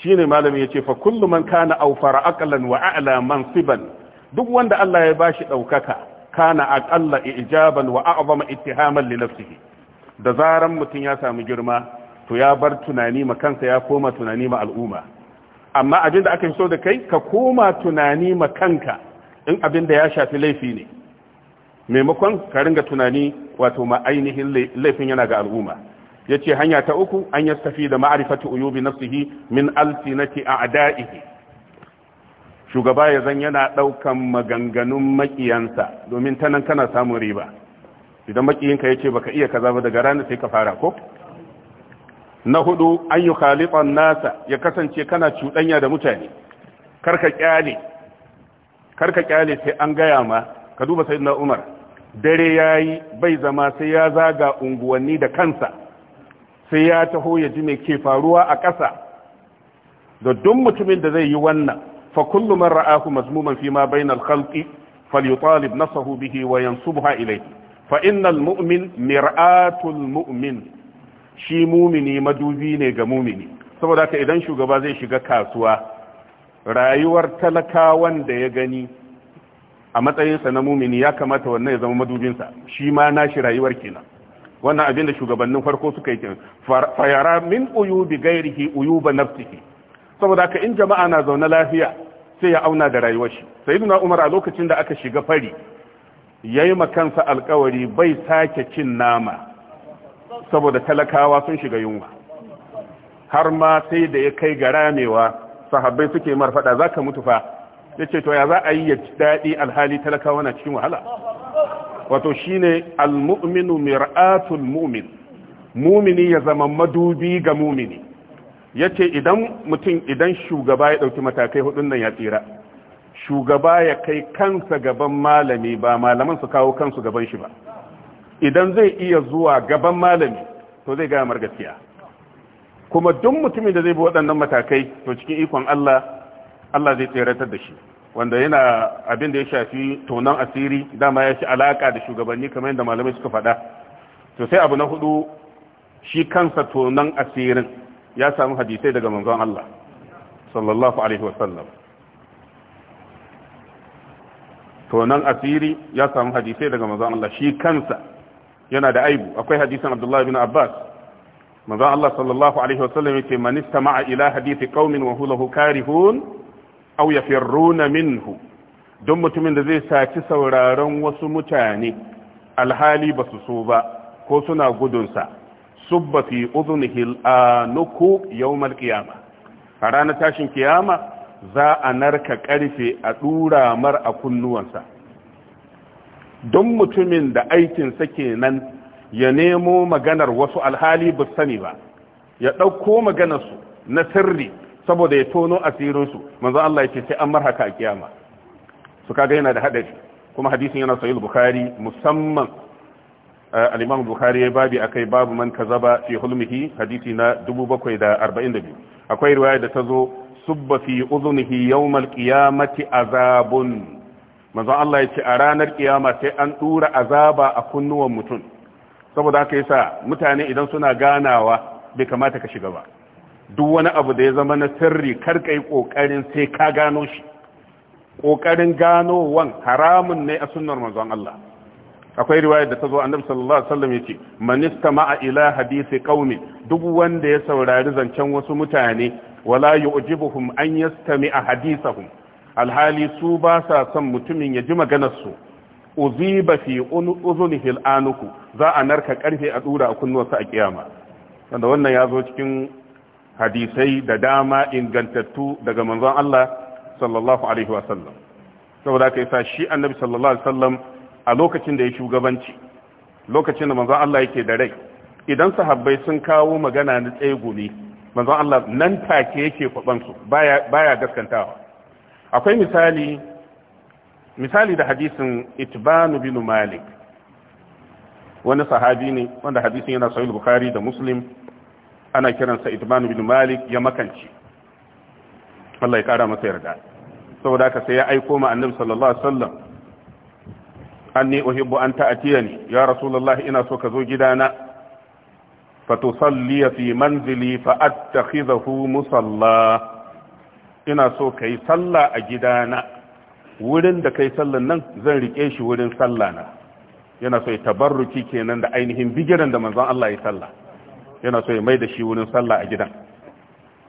shine ya ce fa kulluman man kana aufara aqlan wa a'la mansiban duk wanda Allah ya bashi daukaka kana aqalla ijaban wa a'zama ittihaman li nafsihi da zaran mutun ya samu girma to ya bar tunani ma kansa ya koma tunani ma al'umma amma abinda aka yi so da kai ka koma tunani ma kanka in abin da ya shafi laifi ne maimakon ka ringa tunani wato ma ainihin laifin yana ga al'umma ya ce hanya ta uku an yi tafi da ma'arifatu uyubi nafsihi min a a'da'ihi shugaba ya zan yana daukan maganganun makiyansa domin ta kana samun riba idan makiyinka ya ce baka iya kaza ba daga ranar sai ka fara ko na hudu an yi nasa ya kasance kana cuɗanya da mutane karka kyale karka kyale sai an gaya ma ka duba sayyidina umar dare yayi bai zama sai ya zaga unguwanni da kansa sai ya taho ya ji mai ke faruwa a ƙasa da duk mutumin da zai yi wannan fa kullu man ra'ahu mazmuman fi ma bainal khalqi falyutalib nasahu bihi wa yansubha ilayhi fa innal mu'min mir'atul mu'min shi mumini madubi ne ga mumini saboda haka idan shugaba zai shiga kasuwa rayuwar talakawan da ya gani a matsayinsa na mumini ya kamata wannan ya zama madubinsa shi ma nashi rayuwar kenan wannan abin da shugabannin farko suka yi kenan fayara min uyu uyubi gairihi ba nafsihi saboda ka in jama'a na zaune lafiya sai ya auna da rayuwar shi sayyiduna umar a lokacin da aka shiga fari yayi kansa alkawari bai sake cin nama saboda talakawa sun shiga yunwa har ma sai da ya kai garamewa sahabbai suke marfada fada zaka mutu fa yace to ya za a yi ya dadi alhali talakawa na cikin wahala wato shine almu'minu mir'atul mu'min mumini ya zama madubi ga mumini yace idan mutum idan shugaba ya dauki matakai hudun nan ya tsira shugaba ya kai kansa gaban malami ba malaman su kawo kansu gaban shi ba idan zai iya zuwa gaban malami to zai gaya mar gaskiya kuma duk mutumin da zai bi waɗannan matakai to cikin ikon Allah Allah zai tseratar da shi wanda yana abin da ya shafi tonon asiri dama ya shi alaka da shugabanni kamar yadda malamai suka faɗa to sai abu na hudu shi kansa tonon asirin ya samu hadisai daga manzon Allah sallallahu alaihi wasallam tonon asiri ya samu hadisai daga manzon Allah shi kansa yana da aibu akwai hadisin Abdullah ibn Abbas manzo Allah sallallahu alaihi wasallam yace man istama'a ila hadithi qaumin wa hulahu karihun aw yafirruna minhu don mutumin da zai saci sauraron wasu mutane alhali ba su so ba ko suna gudunsa subba fi udhunihi al-anuku yawm al a ranar tashin kiyama za a narka karfe a dura mar a kunnuwansa don mutumin da aikinsa kenan ya nemo maganar wasu alhali ba sani ba ya ɗauko maganarsu na sirri saboda ya tono asirinsu manzo Allah ce sai an marhaka a kiyama su kaga yana da hadari kuma hadisin yana sahih bukhari musamman eh, al-imam bukhari ya babi akai babu man kazaba fi hulmihi hadisi na 742 akwai riwaya da tazo subba fi udhunihi yawm al-qiyamati azabun manzo Allah ce a ranar kiyama sai an dura azaba a kunnuwan mutum saboda haka yasa mutane idan suna ganawa bai kamata ka shiga ba duk wani abu da ya zama na sirri kar kai kokarin sai ka gano shi kokarin ganowan haramun ne a sunnar manzon Allah akwai riwaya da tazo zo annabi sallallahu alaihi wasallam yace man istama'a ila hadisi qaumi duk wanda ya saurari zancen wasu mutane wala yu'jibuhum an yastami'a hadisahum alhali su ba sa son mutumin ya ji maganar su uziba fi uzunihi al'anuku za a narka karfe a dura a kunnuwarsa a kiyama wanda wannan ya zo cikin hadisai da dama ingantattu daga manzon Allah sallallahu alaihi wasallam saboda kai sa shi annabi sallallahu alaihi wasallam a lokacin da ya shugabanci lokacin da manzon Allah yake da rai idan sahabbai sun kawo magana na tsaye gumi manzon Allah nan take yake kwaban su baya baya gaskantawa akwai misali misali da hadisin itbanu bin malik wani sahabi ne wanda hadisin yana sahih bukhari da muslim ana kiransa itbanu bin malik ya makanci Allah ya kara masa yarda saboda haka sai ya aiko ma annabi sallallahu alaihi wasallam anni uhibbu an ta'tiyani ya rasulullah ina so ka zo gidana fa tusalli fi manzili fa attakhidhu musalla ina so kai sallah a gidana wurin da kai sallan nan zan rike shi wurin sallah na yana so ya tabarruki kenan da ainihin bigiran da manzon Allah ya sallah yana so ya mai da shi wurin sallah a gidan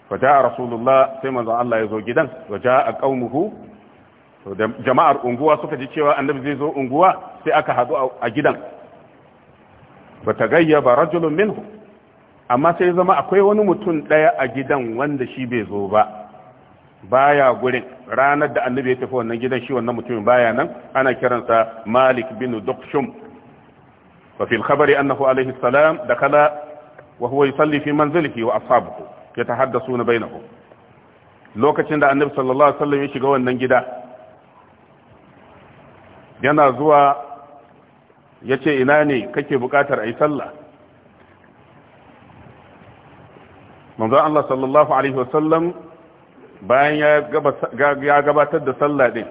fa jaa rasulullah sai manzon Allah ya zo gidan wa jaa qaumuhu to jama'ar unguwa suka ji cewa annabi zai zo unguwa sai aka hadu a gidan ba ta gayyaba rajulun minhu amma sai zama akwai wani mutum daya a gidan wanda shi bai zo ba baya gurin ranar da annabi ya tafi wannan gidan shi wannan mutumin baya nan ana kiransa malik bin dukshum wa fil khabari annahu alayhi salam dakala wa huwa yusalli fi manzilihi wa ashabuhu yatahaddathuna bainahum lokacin da annabi sallallahu alaihi wasallam ya shiga wannan gida yana zuwa yace ina ne kake bukatar ayi sallah manzo Allah sallallahu alaihi wasallam bayan ya gabatar da sallah ɗin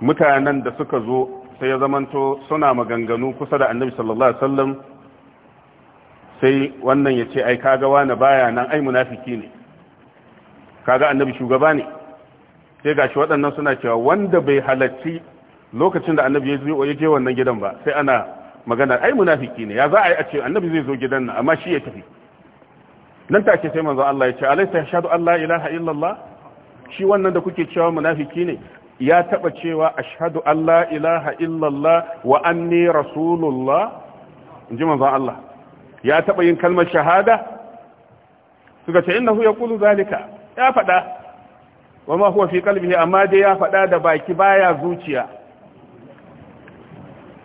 mutanen da suka zo sai ya zamanto suna maganganu kusa da annabi sallallahu alaihi wasallam sai wannan ya ce ai kaga wani baya nan ai munafiki ne kaga annabi shugaba ne sai gashi waɗannan suna cewa wanda bai halarci lokacin da annabi ya je wannan gidan ba sai ana magana ai munafiki ne ya za a yi a ce annabi zai zo gidan nan amma shi ya tafi nan take sai manzo Allah ya ce alaysa yashhadu an la ilaha illallah shi wannan da kuke cewa munafiki ne ya taba cewa ashhadu an la ilaha illallah wa anni rasulullah inji manzo Allah ya taba yin kalmar shahada suka ce innahu yaqulu zalika ya fada wa ma huwa fi qalbihi amma dai ya fada da baki baya zuciya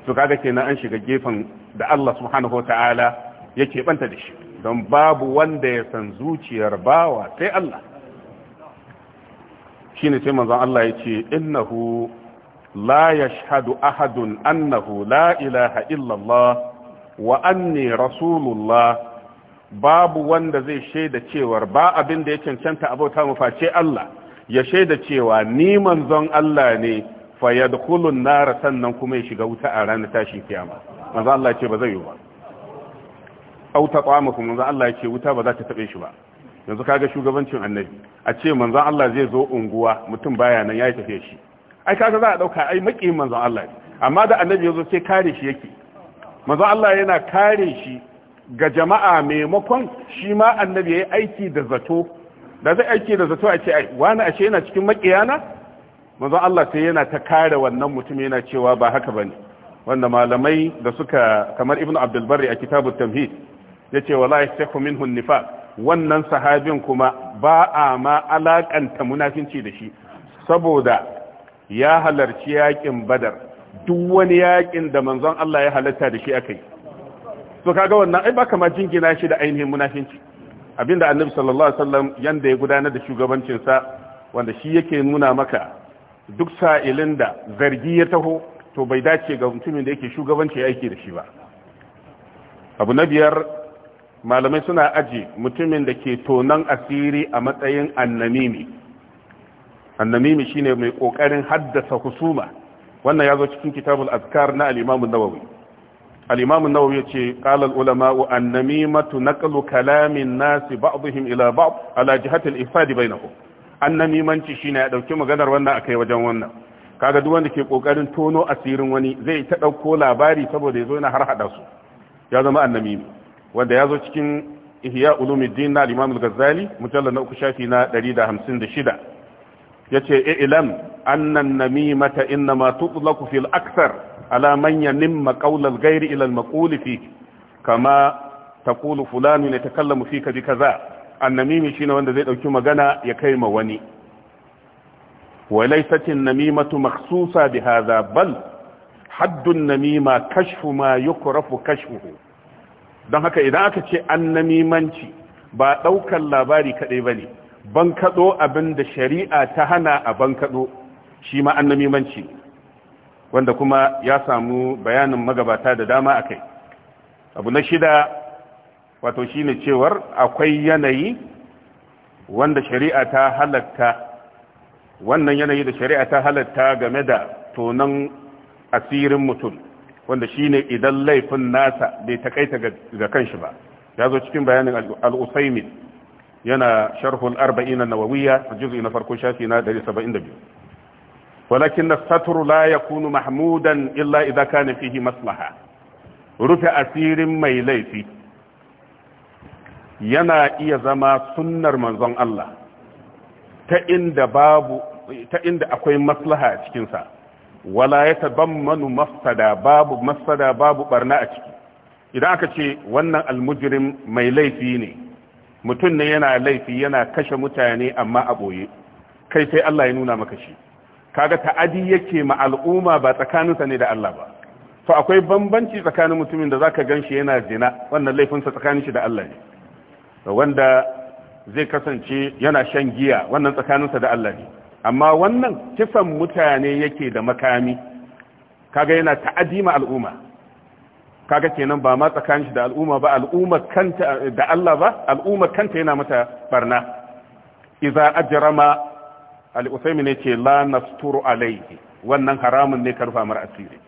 to kaga kenan an shiga gefen da Allah subhanahu wataala yake banta da shi don babu wanda ya san zuciyar bawa sai Allah ne sai manzon Allah ya ce innahu la yashhadu ahadun annahu la ilaha illallah wa anni rasulullah babu wanda zai shaida cewar ba abin da ya cancanta abota mu face Allah ya shaida cewa ni manzon Allah ne fa yadkhulun nar sannan kuma ya shiga wuta a ranar tashin kiyama manzon Allah ya ce ba zai yi ba auta tsamaku manzo Allah ya ce wuta ba za ta taɓe shi ba yanzu kaga shugabancin annabi a ce manzon Allah zai zo unguwa mutum baya nan ya tafe shi ai kaga za a ɗauka ai makiyin manzon Allah amma da annabi zo sai kare shi yake manzon Allah yana kare shi ga jama'a maimakon shi ma annabi yayi aiki da zato da zai aiki da zato a ce ai wani ashe yana cikin makiyana manzon Allah sai yana ta kare wannan mutum yana cewa ba haka ne wanda malamai da suka kamar ibnu abdul a kitabu tamhid yace wala yashtaku minhu nifaq wannan sahabin kuma ba a ma alaƙanta munafinci da shi saboda ya halarci yakin badar duk wani yakin da manzon Allah ya halarta da shi akai to kaga wannan ai baka ma jingina shi da ainihin munafinci abinda annabi sallallahu alaihi wasallam yanda ya gudanar da shugabancin sa wanda shi yake nuna maka duk sa'ilin da zargi ya taho to bai dace ga mutumin da yake shugabanci aiki da shi ba abu na biyar malamai suna aji mutumin da ke tonon asiri a matsayin annamimi annamimi shine mai kokarin haddasa husuma wannan ya zo cikin kitabul azkar na al-imam an-nawawi al-imam an-nawawi yace qala al-ulama an-namimatu naqlu kalamin nas ba'dihim ila ba'd ala jihati al-ifsad bainahum annamimanci shine ya dauki maganar wannan akai wajen wannan kaga duk wanda ke kokarin tono asirin wani zai ta dauko labari saboda yazo yana har hada su ya zama annamimi wanda ya zo cikin ihya ulumuddin na imam al-ghazali mujallal na uku shafi na 156 yace ilam anna an-namimata inma tutlaqu fil aktar ala man yanimma qawla al-ghayr ila al-maqul fi kama taqulu fulan yatakallamu fika bi kaza an-namimi shine wanda zai dauki magana ya kai ma wani وليست النميمة مخصوصة بهذا بل حد النميمة كشف ما يكرف كشفه don haka idan aka ce an namimanci ba ɗaukar labari kaɗai ba ne ban kaɗo abin da shari'a ta hana a ban kaɗo shi ma an namimanci wanda kuma ya samu bayanin magabata da dama a kai abu na shida wato shine ne cewar akwai yanayi wanda shari'a ta halatta wannan yanayi da shari'a ta halatta game da tonon asirin mutum wanda shine idan laifin nasa bai takaita ga kanshi ba ya zo cikin bayanin al-usaimin yana sharhul arba'in an-nawawiyya juz'i na farko shafi na 172 walakin as-satru la yakunu mahmudan illa idza kana fihi maslaha rufe asirin mai laifi yana iya zama sunnar manzon Allah ta inda babu ta inda akwai maslaha cikinsa wala ya manu mafsada babu mafsada babu barna a ciki idan aka ce wannan almujirin mai laifi ne mutum ne yana laifi yana kashe mutane amma a boye kai sai Allah ya nuna maka shi kaga ta'adi yake ma al'umma ba tsakaninsa ne da Allah ba to akwai bambanci tsakanin mutumin da zaka ganshi yana zina wannan laifinsa tsakanin shi da Allah ne wanda zai kasance yana shan giya wannan tsakaninsa da Allah ne amma wannan kisan mutane yake da makami kaga yana ta'adima al'umma kaga kenan ba ma tsakanin shi da al'umma ba al'umma kanta da Allah ba al'umma kanta yana mata barna idza ajrama al-usaymi ne ce la nasturu alayhi wannan haramun ne karfa mar asiri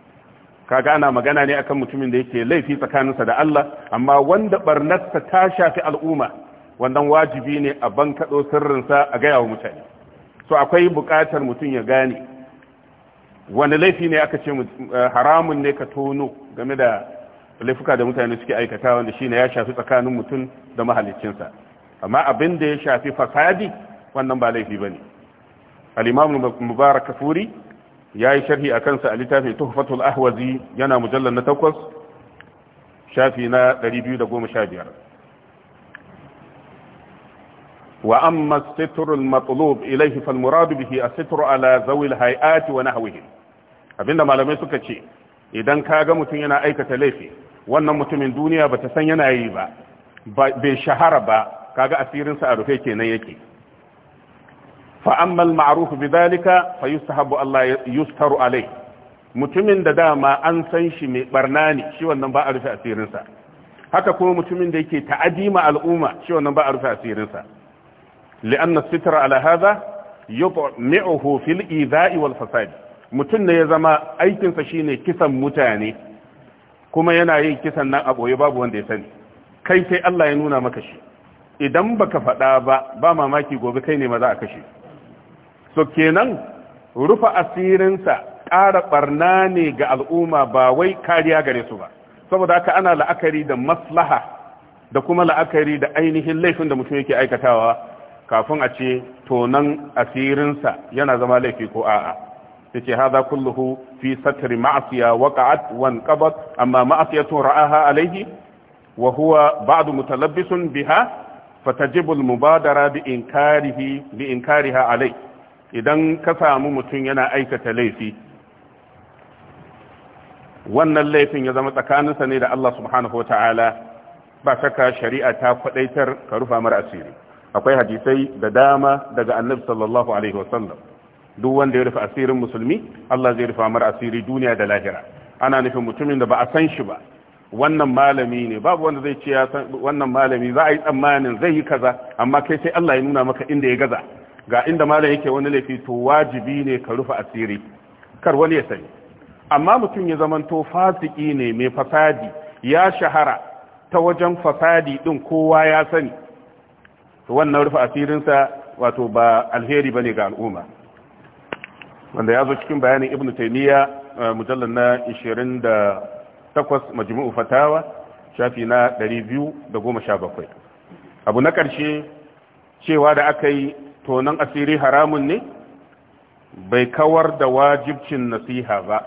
kaga ana magana ne akan mutumin da yake laifi tsakaninsa da Allah amma wanda barnarsa ta shafi al'umma wannan wajibi ne a bankado sirrinsa a gaya wa mutane to akwai bukatar mutum ya gane wani laifi ne aka ce eh, haramun ne ka tono game da laifuka da mutane suke aikata wanda shine ya shafi tsakanin mutum da mahaliccinsa amma abin da ya shafi fasadi wannan ba laifi ba ne al'imamun mubarak kafuri ya yi sharhi a kansa a littafin tuhfatul ahwazi yana mujallar na takwas shafi na 215 wa amma sitru al-matlub ilayhi fal bihi a sitru ala zawi al-hay'at abinda malamai suka ce idan kaga mutum yana aikata laifi wannan mutumin duniya bata san yana yi ba bai shahara ba kaga ga asirinsa a rufe kenan yake fa amma al-ma'ruf bidhalika fa yustahabu Allah yustaru alayhi mutumin da dama an san shi mai barna ne shi wannan ba a rufe asirinsa haka kuma mutumin da yake ta'adima al'umma shi wannan ba a rufe asirinsa li'anna sitra ala hadha yutmi'uhu fil idha'i wal fasad mutum ne ya zama aikinsa shine kisan mutane kuma yana yin kisan nan a boye babu wanda ya sani kai sai Allah ya nuna maka shi idan baka faɗa ba ba mamaki gobe kai ne ma za a kashe so kenan rufa asirinsa kara barna ne ga al'umma ba wai kariya gare su ba saboda haka ana la'akari da maslaha da kuma la'akari da ainihin laifin da mutum yake aikatawa kafin a ce tonan asirinsa yana zama laifi ko a'a ta ce haza kulluhu fi satri ma'asiya waqa'at wan qabat amma ma'asiyatu ra'aha alaihi wa huwa ba'du mutalabbisun biha fatajibu al-mubadara bi inkarihi bi inkariha alai idan ka samu mutum yana aikata laifi wannan laifin ya zama tsakaninsa ne da Allah subhanahu wa ta'ala ba saka shari'a ta kwadaitar ka rufa mara asiri akwai hadisai da dama daga annabi sallallahu alaihi wasallam duk wanda ya rufe asirin musulmi Allah zai rufa mar asiri duniya da lahira ana nufin mutumin da ba a san shi ba wannan malami ne babu wanda zai ce wannan malami za a yi tsammanin zai yi kaza amma kai sai Allah ya nuna maka inda ya gaza ga inda malami yake wani laifi to wajibi ne ka rufe asiri kar wani ya sani amma mutum ya zamanto fasiki ne mai fasadi ya shahara ta wajen fasadi din kowa ya sani to wannan rufe asirinsa wato ba alheri bane ga al'umma wanda ya zo cikin bayanin Ibn taymiya eh, mujallar na 28 majmu'u fatawa shafi na 217 abu na ƙarshe cewa da aka yi tonon asiri haramun ne bai kawar da wajibcin nasiha ba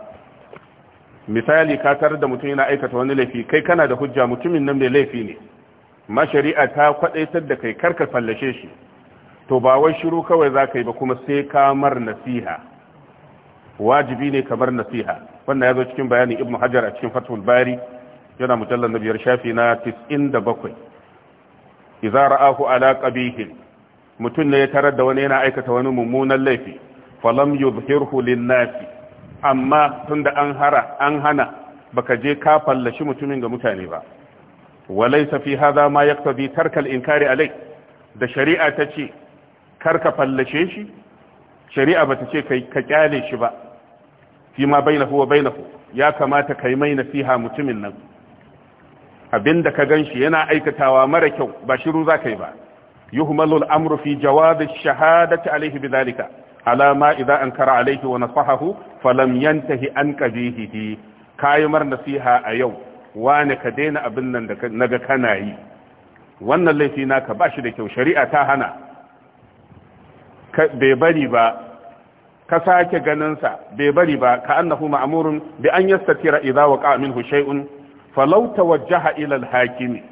misali katar da mutum yana aikata wani laifi kai kana da hujja mutumin nan mai laifi ne mashari'a ta kwadaitar da kai karka fallashe shi to ba wai shiru kawai za ka yi ba kuma sai kamar nasiha wajibi ne kamar nasiha wannan ya zo cikin bayanin ibnu hajar a cikin fathul bari yana mujallar na biyar shafi na bakwai. idza ra'ahu ala qabihin mutum ne ya tarar da wani yana aikata wani mummunan laifi falam yuzhirhu lin-nasi amma tunda an hara an hana baka je ka fallashi mutumin ga mutane ba Walai fi hadha ma yaqtadi tarka al-inkari alai da shari'a ta ce karka fallashe shi shari'a bata ce kai ka kyale shi ba fi ma bai wa bainahu ya kamata yi mai nasiha mutumin nan abinda ka gan shi yana aikatawa mara kyau ba shiru za yi ba yuhmalu al-amru fi jawaz ash-shahadati alayhi bidhalika Alama idan an ankara alayhi wa nasahahu falam yantahi an qabihi kayi mar nasiha a yau wani ka daina abin nan da naga kana yi wannan laifi naka ba shi da kyau shari'a ta hana bai bari ba ka sake ganinsa bai bari ba ka annahu ma'murun bi an yastatira idza waqa minhu shay'un falau tawajjaha ila al-hakimi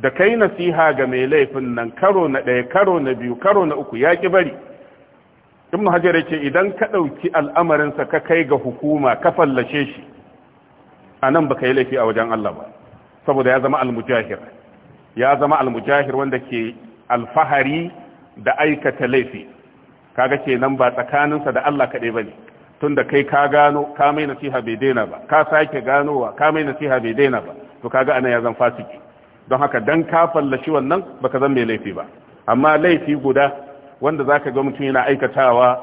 da kai nasiha ga mai laifin nan karo na ɗaya karo na biyu karo na uku ya bari ibnu hajar yace idan ka ɗauki al'amarinsa ka kai ga hukuma ka fallace shi a nan baka yi laifi a wajen Allah ba saboda ya zama almujahir ya zama almujahir wanda ke alfahari da aikata laifi kaga nan ba tsakaninsa da Allah kaɗai ba ne tun da kai ka gano ka mai nasiha bai daina ba ka sake ganowa ka mai nasiha bai daina ba to kaga anan ya zan fasiki don haka dan ka fallashi wannan baka zan mai laifi ba amma laifi guda wanda zaka ga mutum yana aikatawa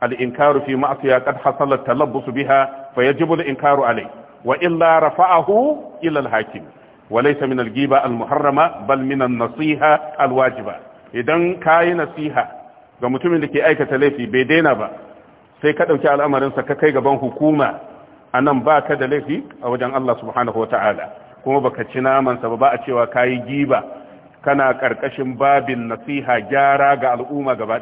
al-inkaru fi ma'siya qad hasala talabbus biha fa yajibu al-inkaru alayhi wa illa rafa'ahu ila al-hakim wa laysa min al muharrama bal min an-nasiha al-wajiba idan ka yi nasiha ga mutumin da ke aikata laifi bai daina ba sai ka ɗauki al'amarin sa ka kai gaban hukuma anan ba ka da laifi a wajen Allah subhanahu wataala kuma baka ci naman sa ba ba a cewa kai giba kana ƙarƙashin babin nasiha gyara ga al'umma gaba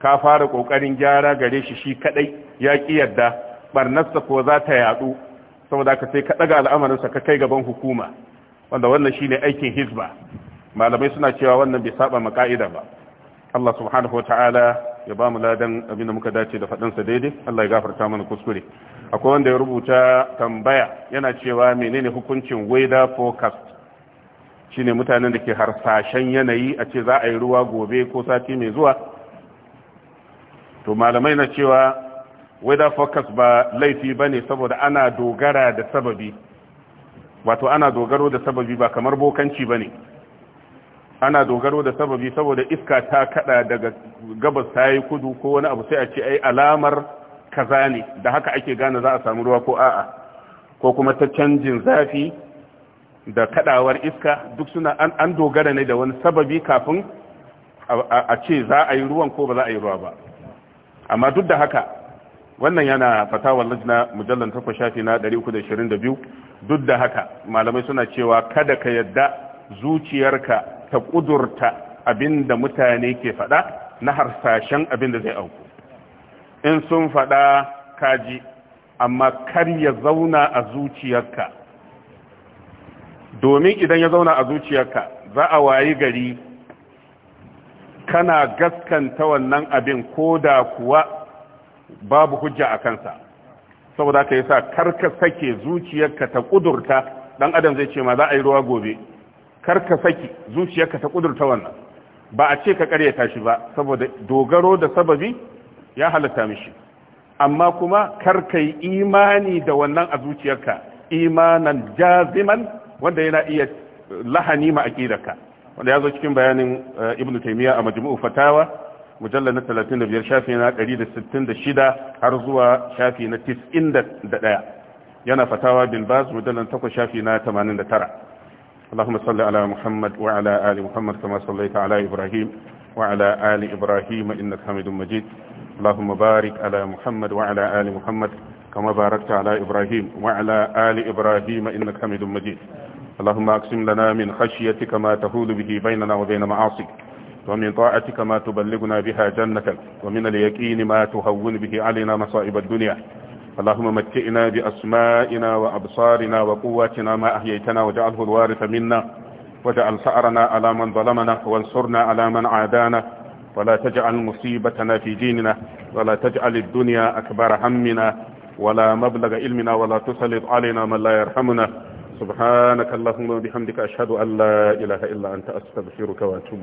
ka fara ƙoƙarin gyara gare shi shi kadai ya ki yadda barnarsa ko za ta yadu saboda ka sai ka daga sa ka kai gaban hukuma wanda wannan shine aikin hizba malamai suna cewa wannan bai saba maka'ida ba Allah subhanahu wa ya ba mu ladan abin da muka dace da sa daidai Allah ya gafarta mana kuskure akwai wanda ya rubuta tambaya yana cewa menene hukuncin weather forecast shine mutanen da ke harsashen yanayi a ce za a yi ruwa gobe ko sati mai zuwa to malamai na cewa weather forecast ba laifi ba ne saboda ana dogara da sababi wato ana dogaro da sababi ba kamar bokanci ba ne ana dogaro da sababi saboda iska ta kada daga gabas ta yi kudu ko wani abu sai a ce ai alamar kaza ne da haka ake gane za a samu ruwa ko a'a ko kuma ta canjin zafi da kadawar iska duk suna an dogara ne da wani sababi kafin a ce za a yi ruwan ko ba za a yi ruwa ba amma duk da haka wannan yana fatawar lajna mujallar takwas shafi na 322 duk da haka malamai suna cewa kada ka yadda zuciyarka ta kudurta abin da mutane ke fada na harsashen abin da zai auku in sun fada kaji amma kar ya zauna a zuciyarka domin idan ya zauna a zuciyarka za a wayi gari kana gaskanta wannan abin ko da kuwa babu hujja a kansa saboda ka yasa karka sake zuciyarka ta kudurta dan adam zai ce ma za a yi ruwa gobe karka sake zuciyarka ta kudurta wannan ba a ce ka karyata shi ba saboda dogaro da sababi ya halatta mishi amma kuma karka yi imani da wannan a zuciyarka imanan jaziman wanda yana iya lahani ma aqidarka wanda ya zo cikin bayanin eh, ibnu taymiya a majmu'u fatawa mujalla na 35 shafi na 166 har zuwa shafi na 91 yana fatawa bin baz mujallan 8 shafi na 89 Allahumma salli ala Muhammad wa ali Muhammad kama sallaita ala Ibrahim wa ali Ibrahim innaka Hamidum Majid Allahumma barik ala Muhammad wa ali Muhammad kama barakta ala Ibrahim wa ali Ibrahim innaka Hamidum Majid Allahumma aqsim lana min khashyatika ma tahulu bihi bainana wa bain ma'asik ومن طاعتك ما تبلغنا بها جنتك ومن اليقين ما تهون به علينا مصائب الدنيا اللهم متئنا بأسمائنا وأبصارنا وقواتنا ما أحييتنا وجعله الوارث منا وجعل سعرنا على من ظلمنا وانصرنا على من عادانا ولا تجعل مصيبتنا في ديننا ولا تجعل الدنيا أكبر همنا ولا مبلغ علمنا ولا تسلط علينا من لا يرحمنا سبحانك اللهم وبحمدك أشهد أن لا إله إلا أنت أستغفرك وأتوب